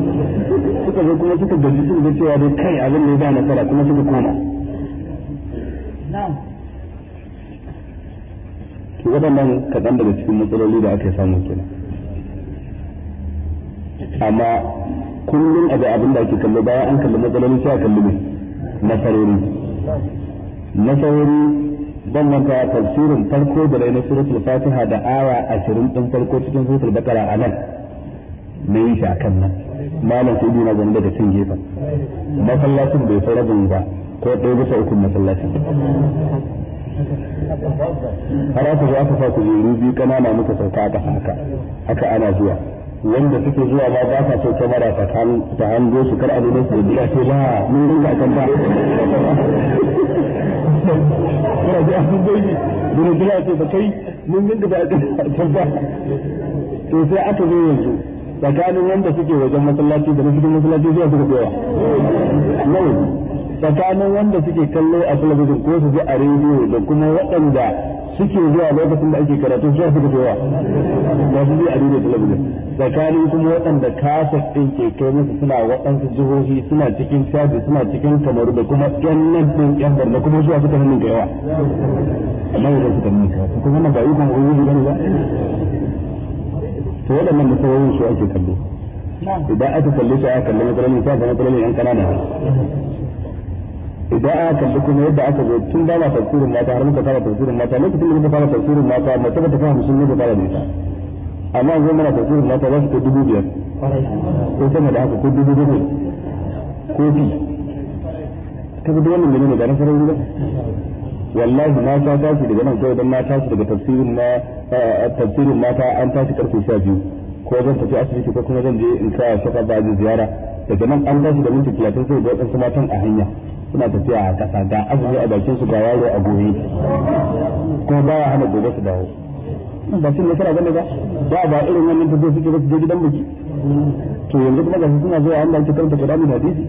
suka zo kuma suka gaji suka ga cewa dai kai abin da ya ba nasara kuma suka koma na'am waɗannan kaɗan daga cikin matsaloli da aka samu kenan amma kullum a ga abin da ake kallo bayan an kalli matsaloli sai a kalli ne nasarori nasarori ban maka tafsirin farko da rai na suratul fatiha da awa ashirin ɗin farko cikin suratul bakara a nan na yi shi a kan nan malam sai dina zan daga cin gefen masallacin bai fara rabin ba ko ɗaya bisa ukun masallacin har aka zo aka sa ku biyu kanana muka sauka ta haka haka ana zuwa wanda suke zuwa ba ba ka so kamara ta kan ta hango su kar a da su da ce ba mun dinga kan ba kuma ji abin yi dole dole ce ba kai mun dinga ba kan ba to sai aka zo yanzu tsakanin wanda suke wajen masallaci da na cikin masallaci zuwa suka gowa tsakanin wanda suke kallo a talabijin ko su ji a rediyo da kuma waɗanda suke zuwa lokacin da ake karatu zuwa suka zuwa ba su ji a rediyo talabijin tsakanin kuma waɗanda kasar ɗin ke kai musu suna waɗansu jihohi suna cikin shafi suna cikin kamaru da kuma ƴan nan ɗin ƴan barna kuma zuwa suka hannun yawa. amma yadda suka hannun kaiwa kuma wannan ba ikon ubangiji bane ba to waɗannan musawoyin su ake kallo idan aka kalle su aka kalli matsalolin sa da matsalolin ƴan ƙanana idan aka kalli kuma yadda aka zo tun ba ma tafsirin mata har muka fara tafsirin mata lokacin da muka fara tafsirin mata mace ba ta fara musulmi ta fara da amma yanzu muna tafsirin mata za su ko dubu biyar ko sama da haka ko dubu dubu ko fi ta bi wannan gani ne da nasarar wuri wallahi na ta tashi daga nan kawai don na tashi daga tafsirin na eh, tafsirin mata an tashi karfe sha biyu ko zan tafi asibiti ko kuma zan je in kaya shaka ba ziyara daga nan an tashi da minti talatin sai ga wasu matan a hanya suna tafiya a ƙasa ga azumi a bakin su ga yaro a gobe ba baya hana gobe su dawo ba shi ne sara gane ba ba ba irin wannan tafiya suke ba su je gidan biki to yanzu kuma su suna zuwa an da ake karanta kudani da hadisi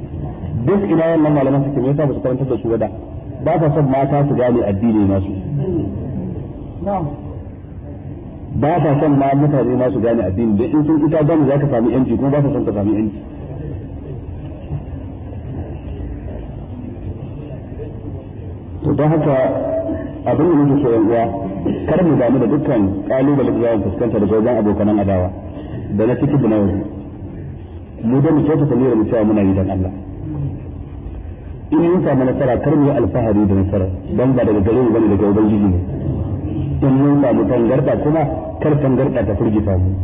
duk ina wannan malaman suke me yasa ba su karanta da su ba ta son mata su gane addini nasu ba ta son ma mutane ma su gane addini da in sun ita gane za ka sami yanci kuma ba ta son ka sami yanci don haka abin da muke ke uwa kar mu damu da dukkan kalubale da za mu fuskanta da wajen abokanan adawa da na ciki da na mu da mu kyautata niyyar mu cewa muna yi dan Allah in mun samu nasara kar mu yi alfahari da nasara don ba daga gare mu bane daga ubangiji ne in mun samu tangarda kuma kar tangarda ta furgita mu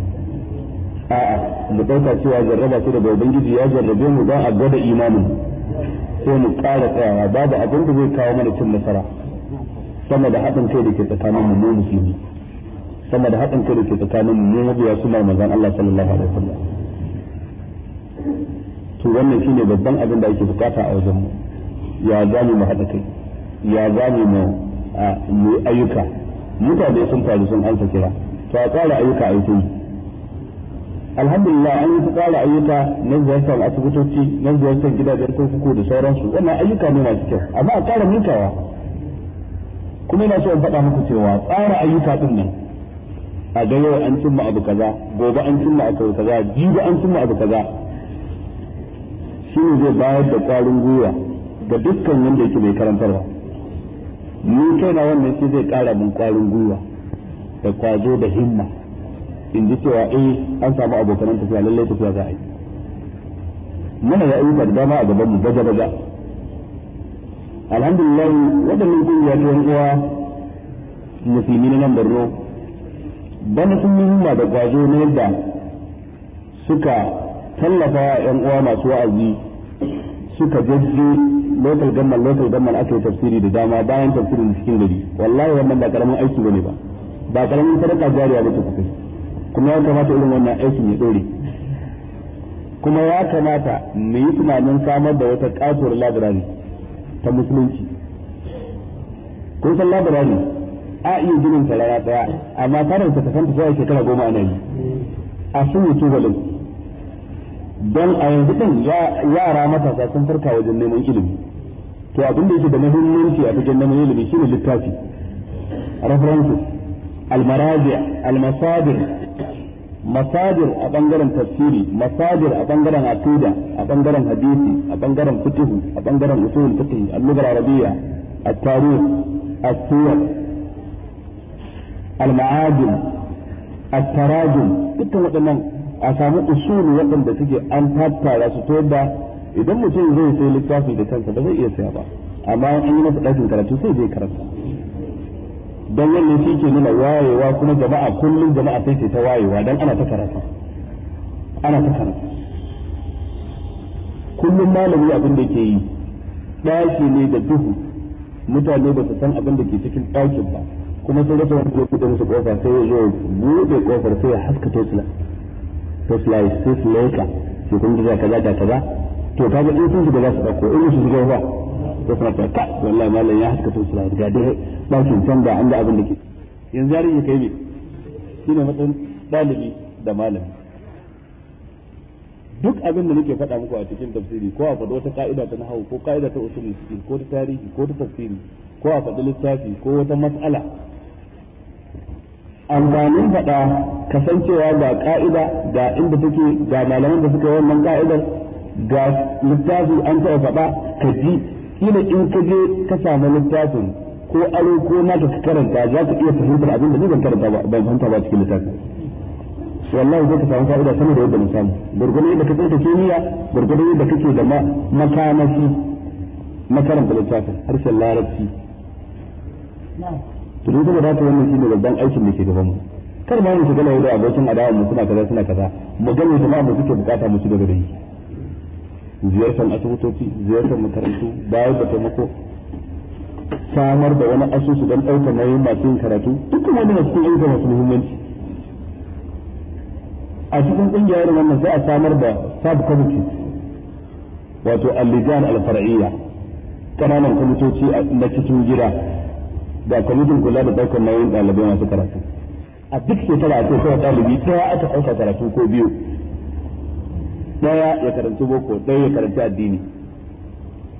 a'a mu dauka cewa jarraba su daga ubangiji ya jarrabe mu don a gwada imanin sai mu ƙara tsayawa babu abin da zai kawo mana cin nasara sama da haɗin kai da ke tsakanin mu musulmi sama da haɗin kai da ke tsakanin mu mabiya suna manzon Allah sallallahu alaihi wasallam to wannan shine babban abin da ake bukata a wajen mu ya zamu mu haɗa kai ya zamu mu mu ayyuka mutane sun faru sun ansa kira to a tsara ayyuka aiki alhamdulillah an yi tsara ayyuka na ziyartar asibitoci na ziyartar gidajen kurkuku da sauransu wannan ayyuka ne masu kyau amma a tsara mutawa kuma ina so in faɗa muku cewa tsara ayyuka ɗin nan a ga yau an cimma abu kaza gobe an cimma abu kaza jibi an cimma abu kaza shi ne zai bayar da ƙwarin gwiwa ga dukkan wanda yake mai karantarwa ni na wannan shi zai ƙara min ƙwarin gwiwa da kwazo da himma in ji cewa eh an samu abokan tafiya lallai tafiya za a yi muna ya ayyuka da dama a gaban mu baja baja alhamdulillah waɗannan kungiya ta yan uwa musulmi na nan Borno bana sun muhimma da kwazo na yadda suka tallafa yan uwa masu wa'azi suka jajje local gamman local gamman aka yi tafsiri da dama bayan tafsirin cikin gari wallahi wannan ba karamin aiki bane ba ba karamin sadaka jariya ba ce kusa kuma ya kamata irin wannan aikin mai dore kuma ya kamata mu yi tunanin samar da wata katuwar labirari ta musulunci kun san labirani a iya ginin sarara daya amma tarin ta kasanta sai shekara goma ana yi a sun yi tubalin don a yanzu kan yara matasa sun farka wajen neman ilimi to abin da yake da muhimmanci a cikin neman ilimi shine littafi references almaraji almasadir masadir a bangaren tafsiri masadir a bangaren aqida a bangaren hadisi a bangaren fiqh a bangaren usul fiqh al-lugha arabiyya at-tarikh as-siyar al-ma'ajim waɗannan a samu usulu waɗanda suke an tattara su toda idan mutum zai sai littafi da kansa ba zai iya saya ba amma yi masa ɗakin karatu sai zai karanta don wannan shi ke nuna wayewa kuma jama'a kullum jama'a sai ce ta wayewa don ana ta karatu ana ta karatu kullum malami abin da ke yi ɗaki ne da duhu mutane ba su san abin da ke cikin ɗakin ba kuma sun rasa wani zai da musu ƙofa sai ya zo buɗe ƙofar sai ya haska tesla tesla ya sai su laika sai kun ji kaza kaza to kaga in sun shiga za su ɗauko in su shiga ba ko ta wallahi malam ya haska tun ga dai da an abin da ke yanzu yarin ya kai ne shine matsayin dalibi da malami duk abin da nake faɗa muku a cikin tafsiri ko a faɗi wata ka'ida ta nahawu ko ka'ida ta usul fiqh ko ta tarihi ko ta tafsiri ko a faɗi littafi ko wata mas'ala amfanin faɗa kasancewa ga ka'ida ga inda take ga malaman da suka yi wannan ka'idar ga littafi an taɓa faɗa ka ji shine in ka je ka samu littafin ko aro ko na ka karanta za ka iya fahimtar abin da ni karanta ba ban fahimta ba cikin littafin wallahi zai ka samu fa'ida sama da yadda na samu gurgurdan yadda ka tsanta kimiyya gurgurdan yadda kake da makamashi na karanta littafin harshen larabci to duk da haka wannan shine babban aikin da ke gaban mu kar ma mu shiga da abokin adawa mu suna kaza suna kaza mu ga mu jama'a mu suke bukata mu shiga gare shi ziyartar asibitoci ziyartar makarantu bayar da taimako samar da wani asusu don ɗaukar nauyin masu yin karatu dukkan wani masu yin ayyuka masu muhimmanci a cikin ƙungiya irin wannan sai a samar da sub committees wato allijan alfar'iyya ƙananan kwamitoci na cikin gida da kwamitin kula da ɗaukar nauyin ɗalibai masu karatu a duk shekara a ce kawai ɗalibi ɗaya aka ɗauka karatu ko biyu daya ya karanci boko daya ya karanci addini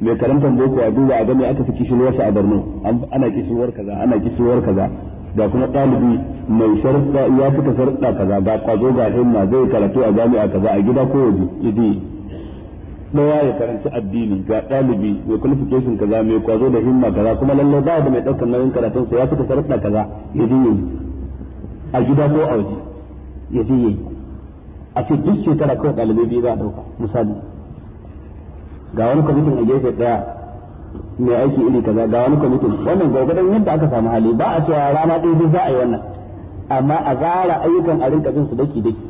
mai karantar boko a duba a ga mai aka fi kishirwarsa a Borno ana kishirwar kaza ana kishirwar kaza da kuma ɗalibi mai sharfa ya fita sharuɗa kaza ga kwazo ga himma zai karatu a jami'a kaza a gida ko waje idi daya ya karanci addini ga ɗalibi mai qualification kaza mai kwazo da himma kaza kuma lallai ba da mai ɗaukar nauyin karatun sa ya fita sharuɗa kaza idi a gida ko a waje idi a ce duk shekara kawai ɗalibai biyu za a ɗauka misali ga wani kwamitin a gefe ɗaya mai aiki iri kaza ga wani kwamitin wannan gwagwadon yadda aka samu hali ba a cewa rana ɗaya duk za a yi wannan amma a zara ayyukan a rinka bin su daki daki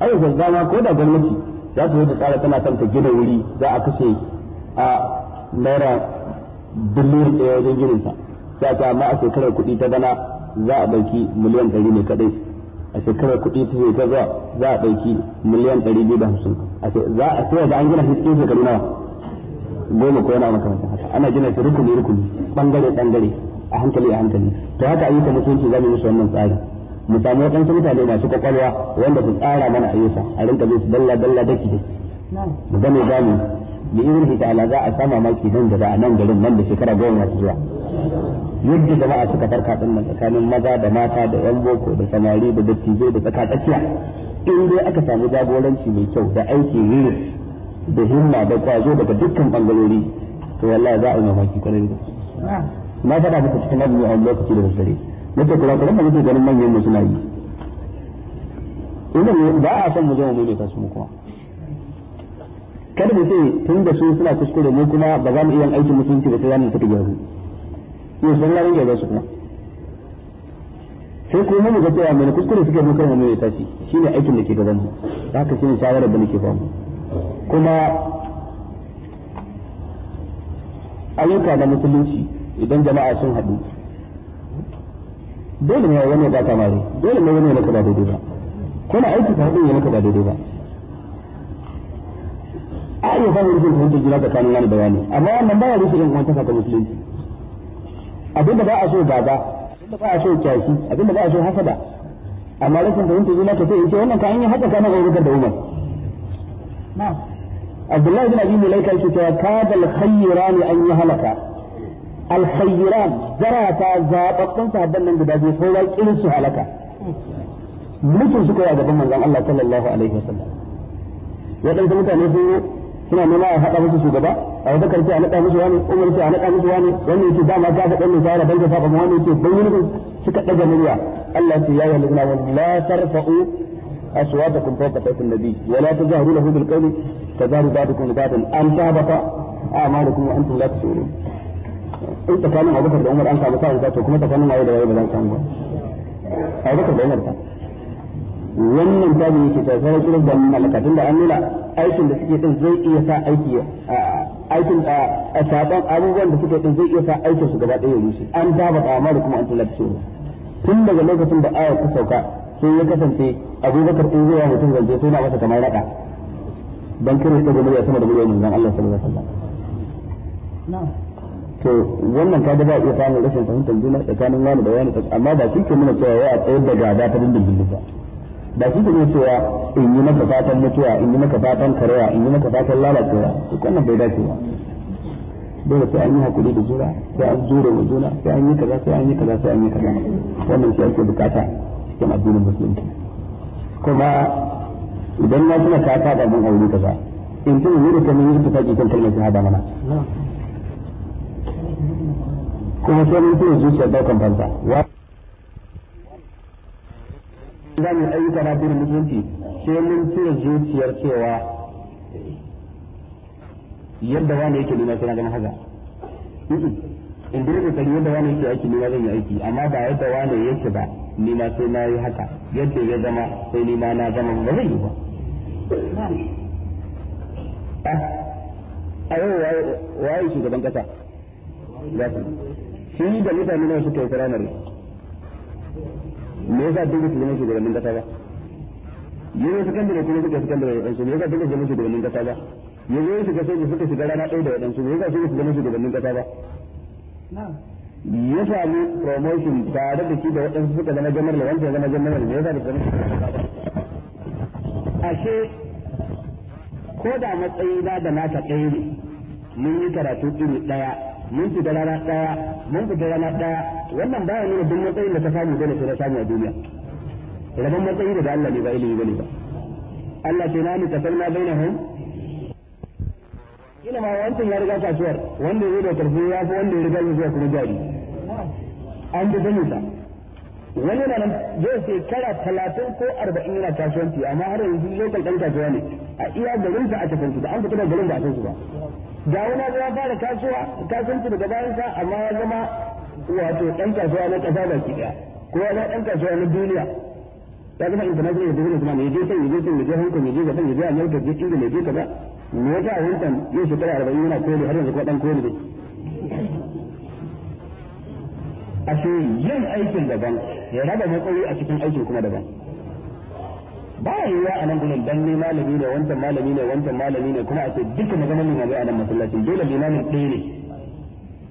ayyukan dama ko da gwamnati za su ta tsara tana son ta gina wuri za a kashe a naira biliyan ɗaya wajen sa sai a ce amma a shekarar kuɗi ta bana za a ɗauki miliyan ɗari ne kaɗai a shekarar kuɗi ta shekar zuwa za a ɗauki miliyan ɗari biyu da hamsin za a sai da an gina shi cikin shekaru nawa goma ko yana makamantan haka ana gina shi rukuni rukuni ɓangare ɓangare a hankali a hankali to haka ayyukan musulunci za mu musu wannan tsari mu samu waɗansu mutane masu kwakwalwa wanda su tsara mana ayyuka a rinka bin su dalla dalla daki daki mu gane gane bi izinin ta'ala za a sama maki nan da za a nan garin nan da shekara goma masu zuwa yadda jama'a suka farka din nan tsakanin maza da mata da yan boko da samari da dattijai da tsaka tsakiya in dai aka samu jagoranci mai kyau da aiki ne da himma da kwazo daga dukkan bangarori to wallahi za a yi mamaki kwarai da na faɗa muku cikin azumi a lokaci da daddare nake kula kula da muke ganin manyan mu suna yi idan ba a son mu zama mu ne kasu kuma kada mu ce tun da su suna kuskure mu kuma ba za mu iya aikin musulunci ba sai za mu tafi gyaru ne sun larin gaba su kuma sai kuma mu ga cewa mai kuskure suke mun mu mai tashi shine aikin da ke gaban mu haka shine shawarar da nake ba mu kuma ayyuka na musulunci idan jama'a sun haɗu dole ne wani ya bata mare dole ne wani ya maka ba daidai ba kuna aiki ka haɗu ya maka ba daidai ba a iya fahimtar fahimtar juna tsakanin wani bayani amma wannan baya rufe yan uwan ta musulunci abinda ba a so gaba abinda ba a so kyashi abinda ba a so hasada amma rashin fahimta juna ta sai yake wannan ka an yi haka kana gaurukan da umar Abdullahi bin Abi Mulaika yake cewa kada al-khayran an yi halaka al-khayran zarata zababbun sahabban nan guda biyu sai ya su halaka mutum suka yi a gaban manzon Allah sallallahu alaihi wasallam waɗansu mutane sun suna nuna ya haɗa musu shugaba a wata karfi a naɗa musu wani umar ce a naɗa musu wani wani yake dama ka faɗa ɗan tsara banka faɗa mu wani yake don yi suka ɗaga murya Allah ya ce ya yi na wani la tarfa'u aswatakum fawqa sawti an-nabi wa la tazharu lahu bil qawli tazharu ba'dukum li ba'din an tabata a'malukum wa antum la tashurun in tsakanin Abubakar da Umar an samu sa'a to kuma tsakanin waye da waye ba zan samu ba Abubakar da Umar ta wannan tabi yake ta sai da malaka tunda an nuna aikin da suke din zai iya sa aiki aikin a sabon abubuwan da suke din zai iya sa aikin su gaba ɗaya rushe an daba kama da kuma an ne tun daga lokacin da aya ta sauka sai ya kasance abubakar in zai mutum zance sai na masa kamar raka dan kare ta da murya sama da murya zan Allah sallallahu alaihi wasallam to wannan kaga ba iya samun rashin fahimtar juna tsakanin wani da wani amma ba shi ke nuna cewa ya a tsayar da gaba ta dindin ba ba shi ne cewa in yi maka fatan mutuwa in yi maka fatan karewa in yi maka fatan lalacewa duk wannan bai dace ba dole sai an yi hakuri da juna sai an jure wa juna sai an yi kaza sai an yi kaza sai an yi kaza wannan shi ake bukata cikin addinin musulunci kuma idan na suna ta ta gaban aure kaza in tuna ne da kamar yin tafaki kan kalmar haɗa mana kuma sai mun tuna zuciyar daukan fanta. za mu ayyuka na firin musulunci sai mun cire zuciyar cewa yadda wani yake nuna suna ganin haka in dai da kari yadda wani yake aiki nuna zan yi aiki amma ba yadda wani yake ba ni sai na yi haka yadda ya zama sai ni na zama ba zai yi ba ah, a yau waye shugaban kasa shi da mutane na suka kai firamare me yasa duk musulmai shugabannin kasa ba yanzu sakandare kuma suka sakandare da ɗansu me yasa duk musulmai shugabannin kasa ba yanzu yin shiga su suka shiga rana ɗaya da waɗansu me yasa su su zama shugabannin kasa ba ya sami promotion tare da shi da waɗansu suka zama janar da wancan zama janar da ya yasa da zama ashe ko da matsayi na da naka ɗaya ne mun yi karatu iri ɗaya mun fita rana ɗaya mun fita rana ɗaya wannan baya nuna duk matsayin da ta samu dole sai na samu a duniya rabon matsayi daga Allah ne ba ilimi bane ba Allah ce na na sanna bainahum kila ma wancan ya riga kasuwar wanda ya da karfi ya fi wanda ya riga zuwa kuma jari an bi sanin sa wani yana nan zai shekara talatin ko arba'in yana kasuwanci amma har yanzu lokal ɗan kasuwa ne a iya garin sa aka san da an fita da garin da a san su ba ga wani ya fara kasuwa kasuwanci daga bayan sa amma ya zama wato ɗan kasuwa na ƙasa baki ɗaya ko na ɗan kasuwa na duniya ya kafa international business man yaje sai yaje sai je hankali ne je yaje gaban yaje America yaje ne je kaza me yasa wancan yau shekara arba'in yana koli har yanzu kuma ɗan koli ne ashe yin aikin daban ya raba matsayi a cikin aikin kuma daban ba a yiwuwa a nan gudun dan ne malami ne wancan malami ne wancan malami ne kuma a ce duka maganar limami a nan masallacin dole limamin ɗaya ne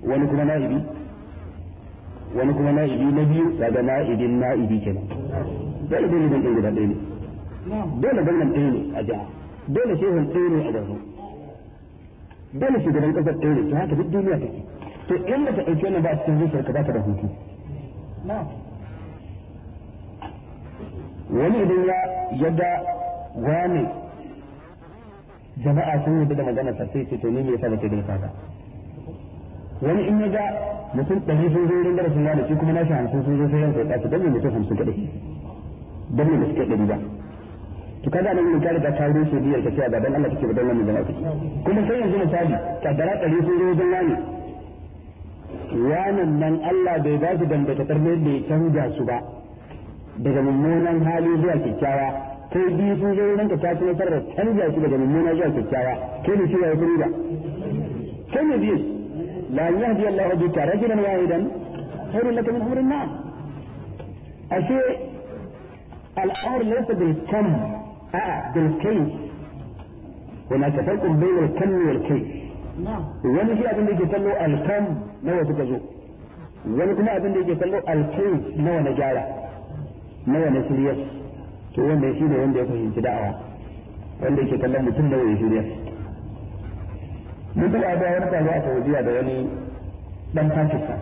wani kuma na'ibi wani kuma na'ibi na biyu daga na'ibin na'ibi kenan dole dole dan ɗaya guda ɗaya ne dole gwamnan ɗaya ne a jiha dole shehun ɗaya ne a garin dole shugaban ƙasar ɗaya ne to haka duk duniya take to in ba ta ɗauki wannan ba a cikin zuciyar ka ba ta da hutu wani idan ya yadda wani jama'a sun yi da maganarsa sai ce to ni me yasa ba ke gaisa ba wani in ya ga mutum ɗari sun zo wurin darasin wani shi kuma nashi hamsin sun zo sai yanka ya ɓaci don me mutum hamsin kaɗai don me mutum ɗari ba to kaga nan mun kare da tare su biyar ka cewa ba dan Allah kake ba dan wannan jama'a kake kuma sai yanzu misali dara ɗari sun zo wajen wani wannan nan Allah bai ba su dangantakar ne da ya canza su ba daga mummunan hali zuwa kyakkyawa ko biyu sun zo wurin ka ta ci nasarar canza su daga mummunan zuwa kyakkyawa kai ne shi ya yi ba kai ne biyu لا يهدي الله بك رجلا واحدا خير لك من امر النعم الشيء الامر ليس بالكم آه بالكيف هناك فرق بين الكم والكيف نعم وين في ابن يجي تلو الكم نوى تكزو وين كما ابن يجي تلو الكيف نوى نجالة نوى نسليس تو وين يسيني وين يفهم تدعوه وين يجي تلو مثل نوى يسليس mun duk a wani ta a saudiya da wani dan fashinsa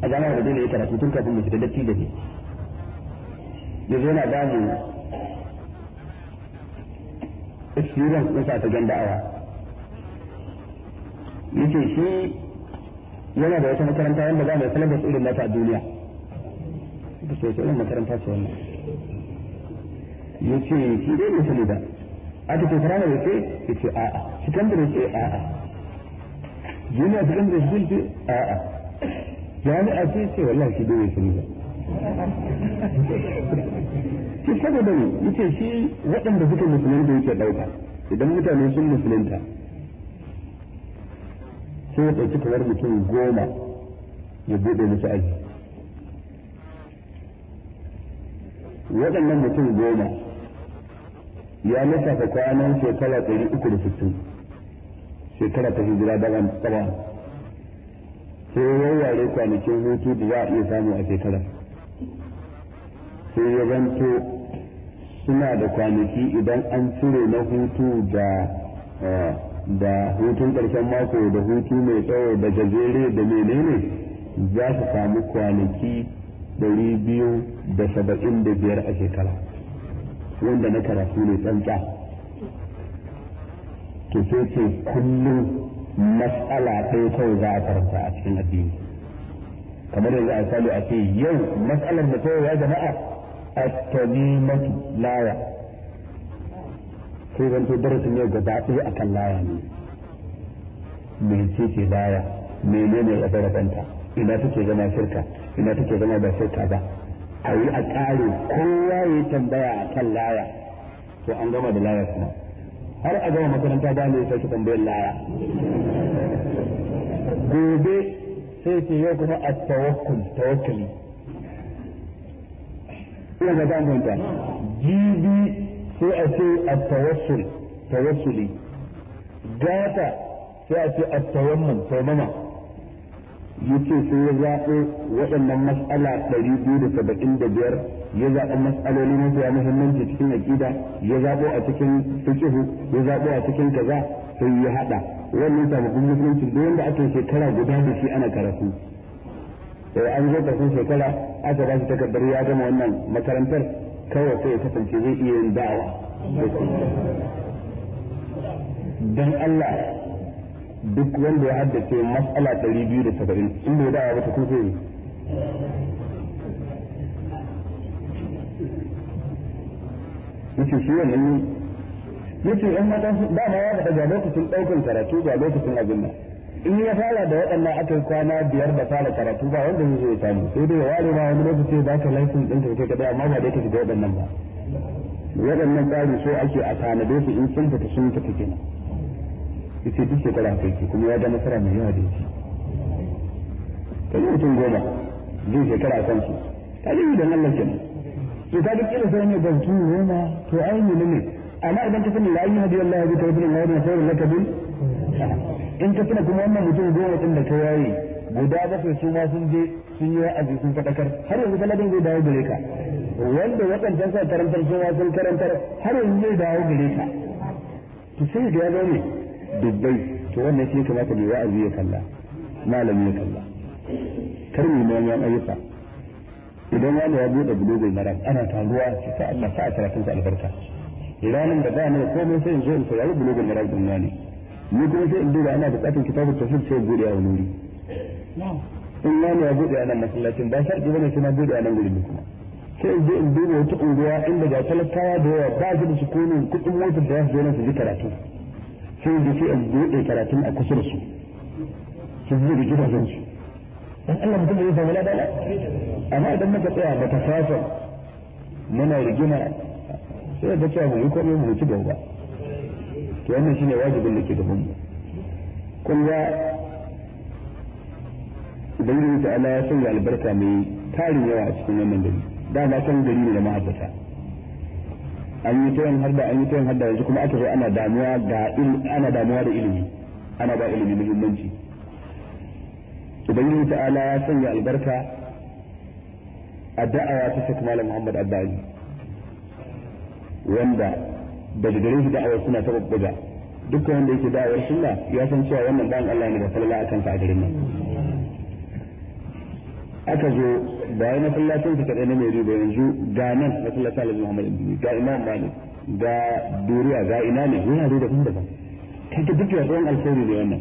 a jami'ar da dole ya karatu tun kafin mai shiga datti da ne yanzu yana ba mu experience ɗinsa ta gan da'awa yace shi yana da wata makaranta wanda ba mai salabas irin nata a duniya ta ce irin makaranta ce wannan yace shi dai mai sani ba a ta kokara na yace yace a a sikandar yace a a jini a ce yace yace a a jami'a ce ce wallahi shi bai sani ba shi saboda ne yace shi waɗanda suka musulunta yake ɗauka idan mutane sun musulunta sai ya ɗauki kamar mutum goma ya buɗe musu aji waɗannan mutum goma ya lissafa kwanan shekara uku da sittin shekara ta hijira daga tsaba sai yare kwanakin hutu da za a iya samu a shekara sai ya zanto suna da kwanaki idan an cire na hutu da eh, da hutun ƙarshen mako da hutu mai tsawo da gajere da menene za su samu kwanaki 275 a shekara wanda na karatu ne tsantsa to sai ce kullum matsala ɗaya kawai za a karanta a cikin addini kamar yanzu a misali a ce yau matsalar da kawai ya jama'a at-tamimatu laya sai zan to darasin yau gaba ɗaya akan laya ne mai ce ce laya menene ya tsara kanta ina take zama shirka ina take zama ba shirka ba a yi a ƙari kowa ya yi tambaya a kan laya to an gama da laya kuma har a gama makaranta ba ne ya sake tambayar laya gobe sai ce yau kuma a tawakkul tawakkali ina ga danganta jibi sai a ce a tawassul tawassuli gata sai a ce a tawamman taumama yace sai ya zaɓo waɗannan mas'ala ɗari biyu da saba'in da biyar ya zaɓo mas'aloli mafiya muhimmanci cikin aƙida ya zaɓo a cikin fikihu ya zaɓo a cikin kaza sai ya haɗa wannan sababbin musulunci duk wanda ake shekara guda da shi ana karatu sai eh, an zo kafin shekara aka ba shi takardar ya gama wannan makarantar kawai sai ya kasance zai iya yin da'awa dan Allah duk wanda ya haddace mas'ala 270 in da ya ba ta kun sai yake shi wannan yace in 'Yan dan da ma ya faɗa ga lokacin ɗaukar karatu ga lokacin abin in ya fara da waɗannan aka kwana biyar da fara karatu ba wanda zai zo ya samu sai dai ya ware ma wani lokaci ba ka laifin ɗinka kai kadai amma ba dai ka shiga waɗannan ba waɗannan tsari so ake a tanade su in sun fita sun fita kenan yace duk shekara haka yake kuma ya ga nasara mai yawa da yake kaje mutum goma zai shekara a kansu kaje mu da Allah kenan to ka ga kila sai ne ban ki goma to ai ni ne amma idan ka sani la ayyuha bi Allah bi tawfiqin Allah na sayar laka bil in ka tuna kuma wannan mutum goma din da ka yayi guda bakwai su ma sun je sun yi aji sun fadakar har yanzu talabin zai dawo gare ka wanda waɗancan sa karantar su ma sun karantar har yanzu zai dawo gare ka to sai da ya zo ne dubbai to wannan shi kamata da wa'azi ya kalla malami ya kalla kar mu neman ayyuka idan wani ya bude bulugul mara ana taruwa shi ka Allah sa a karatun albarka ranar da ba ni komai sai in zo in bude bulugul mara din wani ni kuma sai in duba ana buƙatar kitabun tafsir sai bude a wuri in wani ya bude a nan masallacin ba sharɗi bane sai na bude a nan gurin kuma sai in je in duba wata unguwa inda ga talakawa da yawa ba su da sukunin kuɗin motar da ya zo nan su ji karatu sai da sai a buɗe karatun a kusa da su su zai da gidajen su dan Allah mutum da zai samu ladala amma idan muka tsaya ba ta fasa muna rigima sai da cewa mu yi komai mu ci gaba to wannan shine wajibin da ke gaban mu kun ga Ubangiji ta Allah ya sanya albarka mai tarin yawa a cikin wannan gari da na san gari ne da ma'abbata an yi tayin har da an yi tayin har da yanzu kuma aka zo ana damuwa ga ana damuwa da ilimi ana ba ilimi muhimmanci ubangiji ta'ala ya sanya albarka a da'awa ta Sheikh Malam Muhammad Abdali wanda daga gare shi da'awar suna ta babbaga dukkan wanda yake da'awar sunna ya san cewa wannan bayan Allah ne da sallallahu alaihi wasallam a garin nan aka zo ba wai masallacin su kaɗai na mai riba yanzu ga nan masallacin alhaji muhammad ibn ga imam malik ga duriya ga ina ne yana da daban daban kaga duk ya tsawon alkhairi ne wannan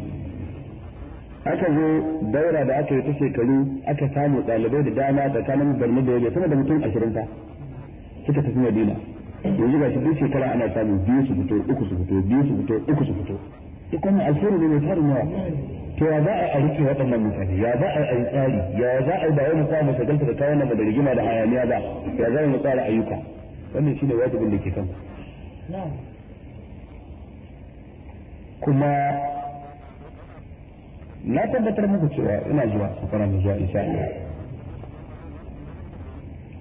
aka zo daura da aka yi ta shekaru aka samu ɗalibai da dama da kanan barna da yaje sama da mutum ashirin ta suka tafi madina yanzu ga shi duk shekara ana samu biyu su fito uku su fito biyu su fito uku su fito duk wannan alkhairi ne mai tarin yawa to ya za a rike waɗannan mutane ya za a yi tsari ya za a yi ba wani kwa mu da kawo da rigima da hayaniya ba ya za yi tsara ayyuka wannan shine wajibin da ke kan kuma na tabbatar muku cewa ina zuwa a fara mu zuwa insha Allah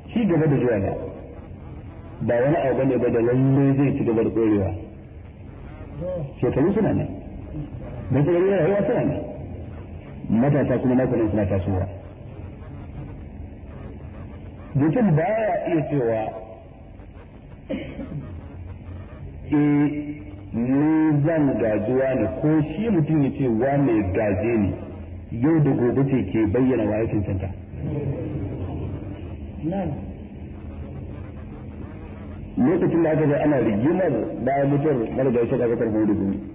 shi gaba da zuwa na ba wani abu ne ba da lalle zai ci gaba da ɗorewa shekaru suna nan da su gari rayuwa ta ne matasa kuma na suna tasowa mutum ba ya iya cewa eh ni zan gajuwa ne ko shi mutum ya ce wa mai gaje ne yau da gobe ce ke bayyana wa yakin canta lokacin da aka zai ana rigimar bayan mutuwar mara da ya shaka hudu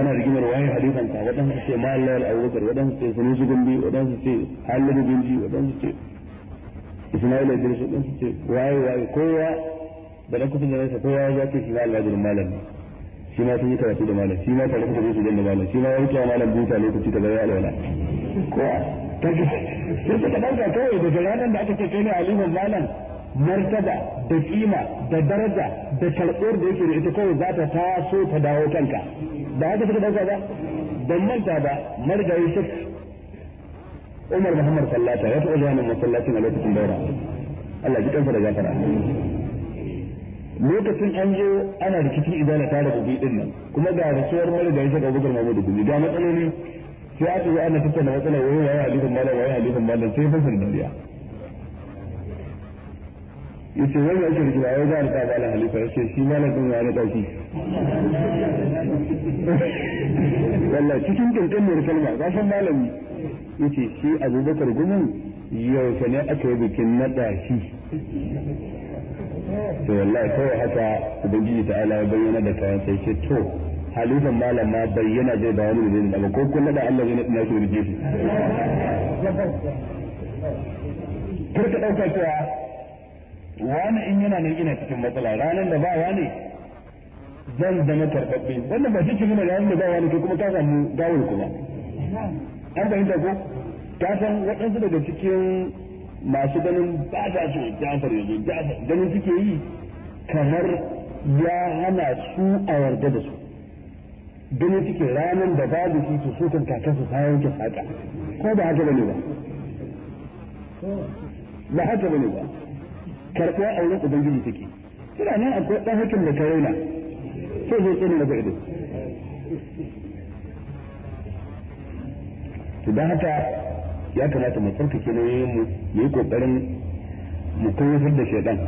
ana rigimar waye hadisan ka waɗansu ce ma Allah al-Abubakar waɗansu ce sunu su gumbi waɗansu ce Halilu gumbi waɗansu ce Isma'il Idris waɗansu ce waye waye kowa da ɗan kusa da nasa kowa ya zaki shi ma almajirin malam shi ma sun yi karatu da malam shi ma tare kusa su da malam shi ma ya wuce malam buta lokaci da bayan alwala kowa ta ji sai ta ɗauka kawai daga ranar da aka ce kai ne alimin malam martaba da kima da daraja da karɓar da yake da ita kawai za ta taso ta dawo kanka Da haka suka dauka ba ban manta ba margayi shek Umar Muhammad Sallata ya taɓa zuwa masallacin a lokacin daura Allah ji kansa da gafara lokacin an zo ana rikici idan ta rabu bi din nan kuma ga rasuwar margayi shek Abubakar Mahmud Gumi ga matsaloli sai aka zo ana tattauna matsalar wai wai halifin malam wai halifin malam sai da dariya yace zai ya shirki da yau za a tsaba halifa yace shi malakin ya da shi wallahi cikin mai kalma ga san malami yace shi Abubakar gumin yaushe ne aka yi bikin nada shi to wallahi kawai haka ubangiji ta'ala ya bayyana da kayan sai ce to halifan malam ma bayyana zai ba wani da ba ko kullu da Allah zai na shi rige shi kar ka dauka cewa wani in yana nan ina cikin matsala ranar da ba wani zan zama karɓaɓɓe wannan ba shi gina ranar da ba wani ko kuma ka samu gawar kuma an fahimta ko ta san waɗansu daga cikin masu ganin ba ta so jafar yanzu ganin suke yi kamar ya hana su a yarda da su ganin suke ranar da ba da su su kan su ta yanke saƙa ko ba haka bane ba ba haka bane ba karɓuwa a wurin ubangiji take Kira nan akwai ɗan hakin da ta raina sai zai tsini daga ido to don haka ya kamata mu tsarkake nauyin mu mu yi kokarin mu koyar da shaiɗan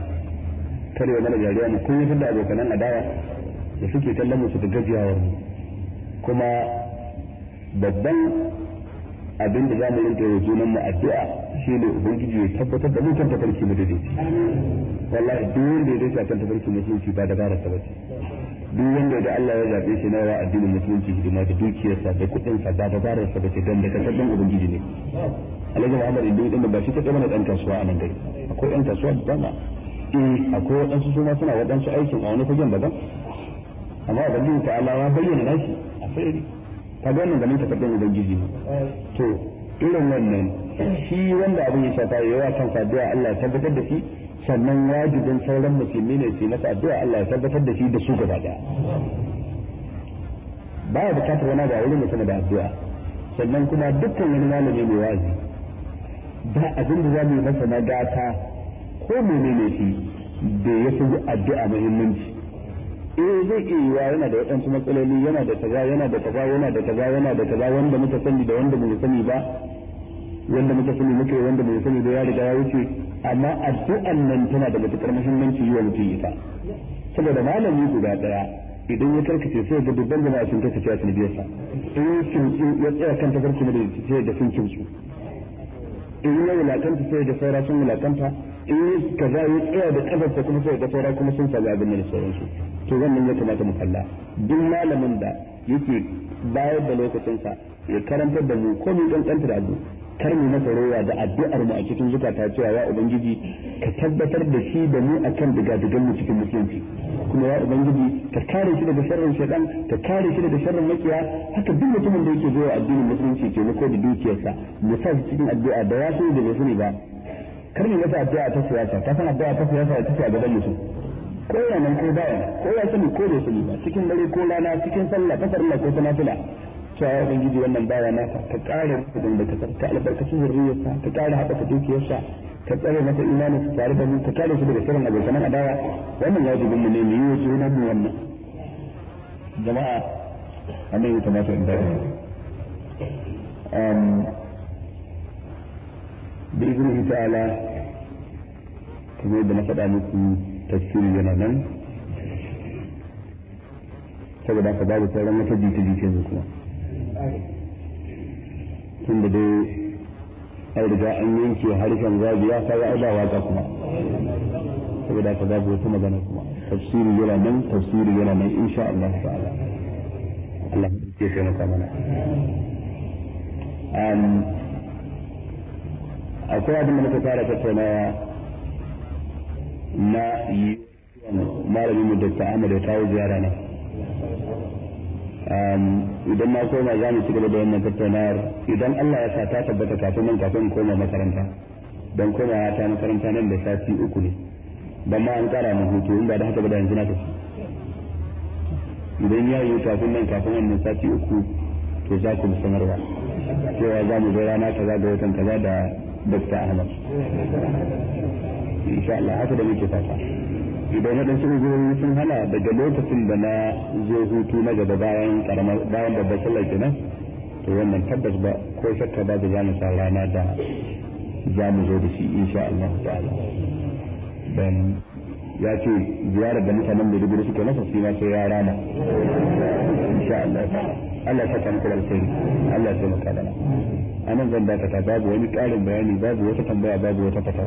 kare wa mana jariya mu koyar da abokanan adawa da suke kallon mu su ga kuma babban abin da za mu rinka yi junan mu addu'a shi ne ubangiji ya tabbatar da mutum ta farki madaidaici wallahi duk wanda ya dace kan ta farki shi ba da dabara ta bace duk wanda da Allah ya zabe shi na yawa addinin musulunci hidima da dukiyar sa da kudin sa ba da dabarar ta bace dan da kasabin ubangiji ne alaji Muhammad duk din ba shi ta mana dan kasuwa a nan dai akwai dan kasuwa da ba eh akwai wadansu su ma suna wadansu aikin a wani fagen daban amma da ubangiji ta Allah ya bayyana nashi akwai sai ka ga ganin ta kaddan ubangiji ne to irin wannan shi wanda abin ya shafa ya wa kansa addu'a Allah ya tabbatar da shi sannan wajibin sauran musulmi ne su masa addu'a Allah ya tabbatar da shi da su gaba daya baya bukatar wani ga wurin mutum da addu'a sannan kuma dukkan wani malami mai wazi ba abin da za mu yi masa na gata ko menene shi da ya fi addu'a muhimmanci eh zai iya wa yana da waɗansu matsaloli yana da kaza yana da kaza yana da kaza yana da kaza wanda muka sani da wanda ba sani ba wanda muka sani muke wanda bai sani da ya riga ya wuce amma addu'an nan tana da matukar muhimmanci yi wa mutum ita saboda malami guda daya idan ya karkace sai ga dubban jama'a sun kasa cewa sun biyarsa in sun ya tsaya kan tafarki da sai da sun kimsu in ya wulakanta sai da saura sun wulakanta in kaza ya tsaya da kafarsa kuma sai da saura kuma sun sami abin da sauransu to wannan ya kamata mu kalla duk malamin da yake bayar da lokacinsa ya karantar da mu ko mu kankanta da abu kar mu masa rowa da addu'ar mu a cikin zukata cewa ya ubangiji ka tabbatar da shi da mu akan digadigan mu cikin musulunci kuma ya ubangiji ka kare shi daga sharrin shaɗan ka kare shi daga sharrin makiya haka duk mutumin da yake zuwa addinin musulunci ke ko da dukiyarsa mu sa shi cikin addu'a da ya so da bai sani ba kar mu masa addu'a ta siyasa ta san addu'a ta siyasa ta ce a gaban mutum ko ya nan ko baya ko ya sani ko bai sani ba cikin dare ko rana cikin sallah ta farilla ko ta cewa ubangiji wannan bawa naka ka ƙara masa dangantakar ka albarkacin zurriyarsa ka ƙara haɓaka dukiyarsa ka tsare masa imanin su tare da mu ka kare shi daga shirin abokanan adawa wannan wajibin mu ne mu yi wa junan mu wannan jama'a a nan ya kamata in dace bi izini ta'ala kamar yadda na faɗa muku tafsiri yana nan saboda ka babu sauran wata jita-jita yanzu kuma tun da dai an riga an yanke harshen zagi ya kaga ai ba waka kuma saboda ka babu wata magana kuma tafsiri yana nan tafsiri yana nan insha Allah ta'ala Allah ya taimaka mana um akwai abin da muka fara tattaunawa na yi malami mu da ta ta'amala ya kawo ziyara na idan na koma za mu ci gaba da wannan tattaunawar idan Allah ya sa ta tabbata kafin nan kafin koma makaranta don ya ta makaranta nan da sati uku ne don ma an kara mun hutu in ba da haka ba da yanzu na tafi idan ya yi kafin nan kafin wannan sati uku to za ku sanarwa cewa za mu zo rana kaza da watan kaza da Dr. Ahmad. Insha Allah haka da muke fata. idan waɗansu hujjoji sun hana daga lokacin da na zo hutu na gaba bayan karamar bayan babbar sallah kenan to wannan tabbas ba ko shakka ba da zamu sa rana da zamu zo da shi insha Allah ta'ala dan ya ce ziyarar da mutanen da rubuta suke masa shi ma sai ya rana insha Allah Allah ta kan muku sai Allah ya taimaka da anan zan dakata babu wani ƙarin bayani babu wata tambaya babu wata fata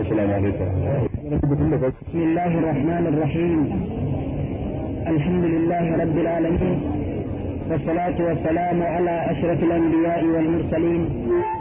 assalamu alaikum بسم الله الرحمن الرحيم الحمد لله رب العالمين والصلاة والسلام على أشرف الأنبياء والمرسلين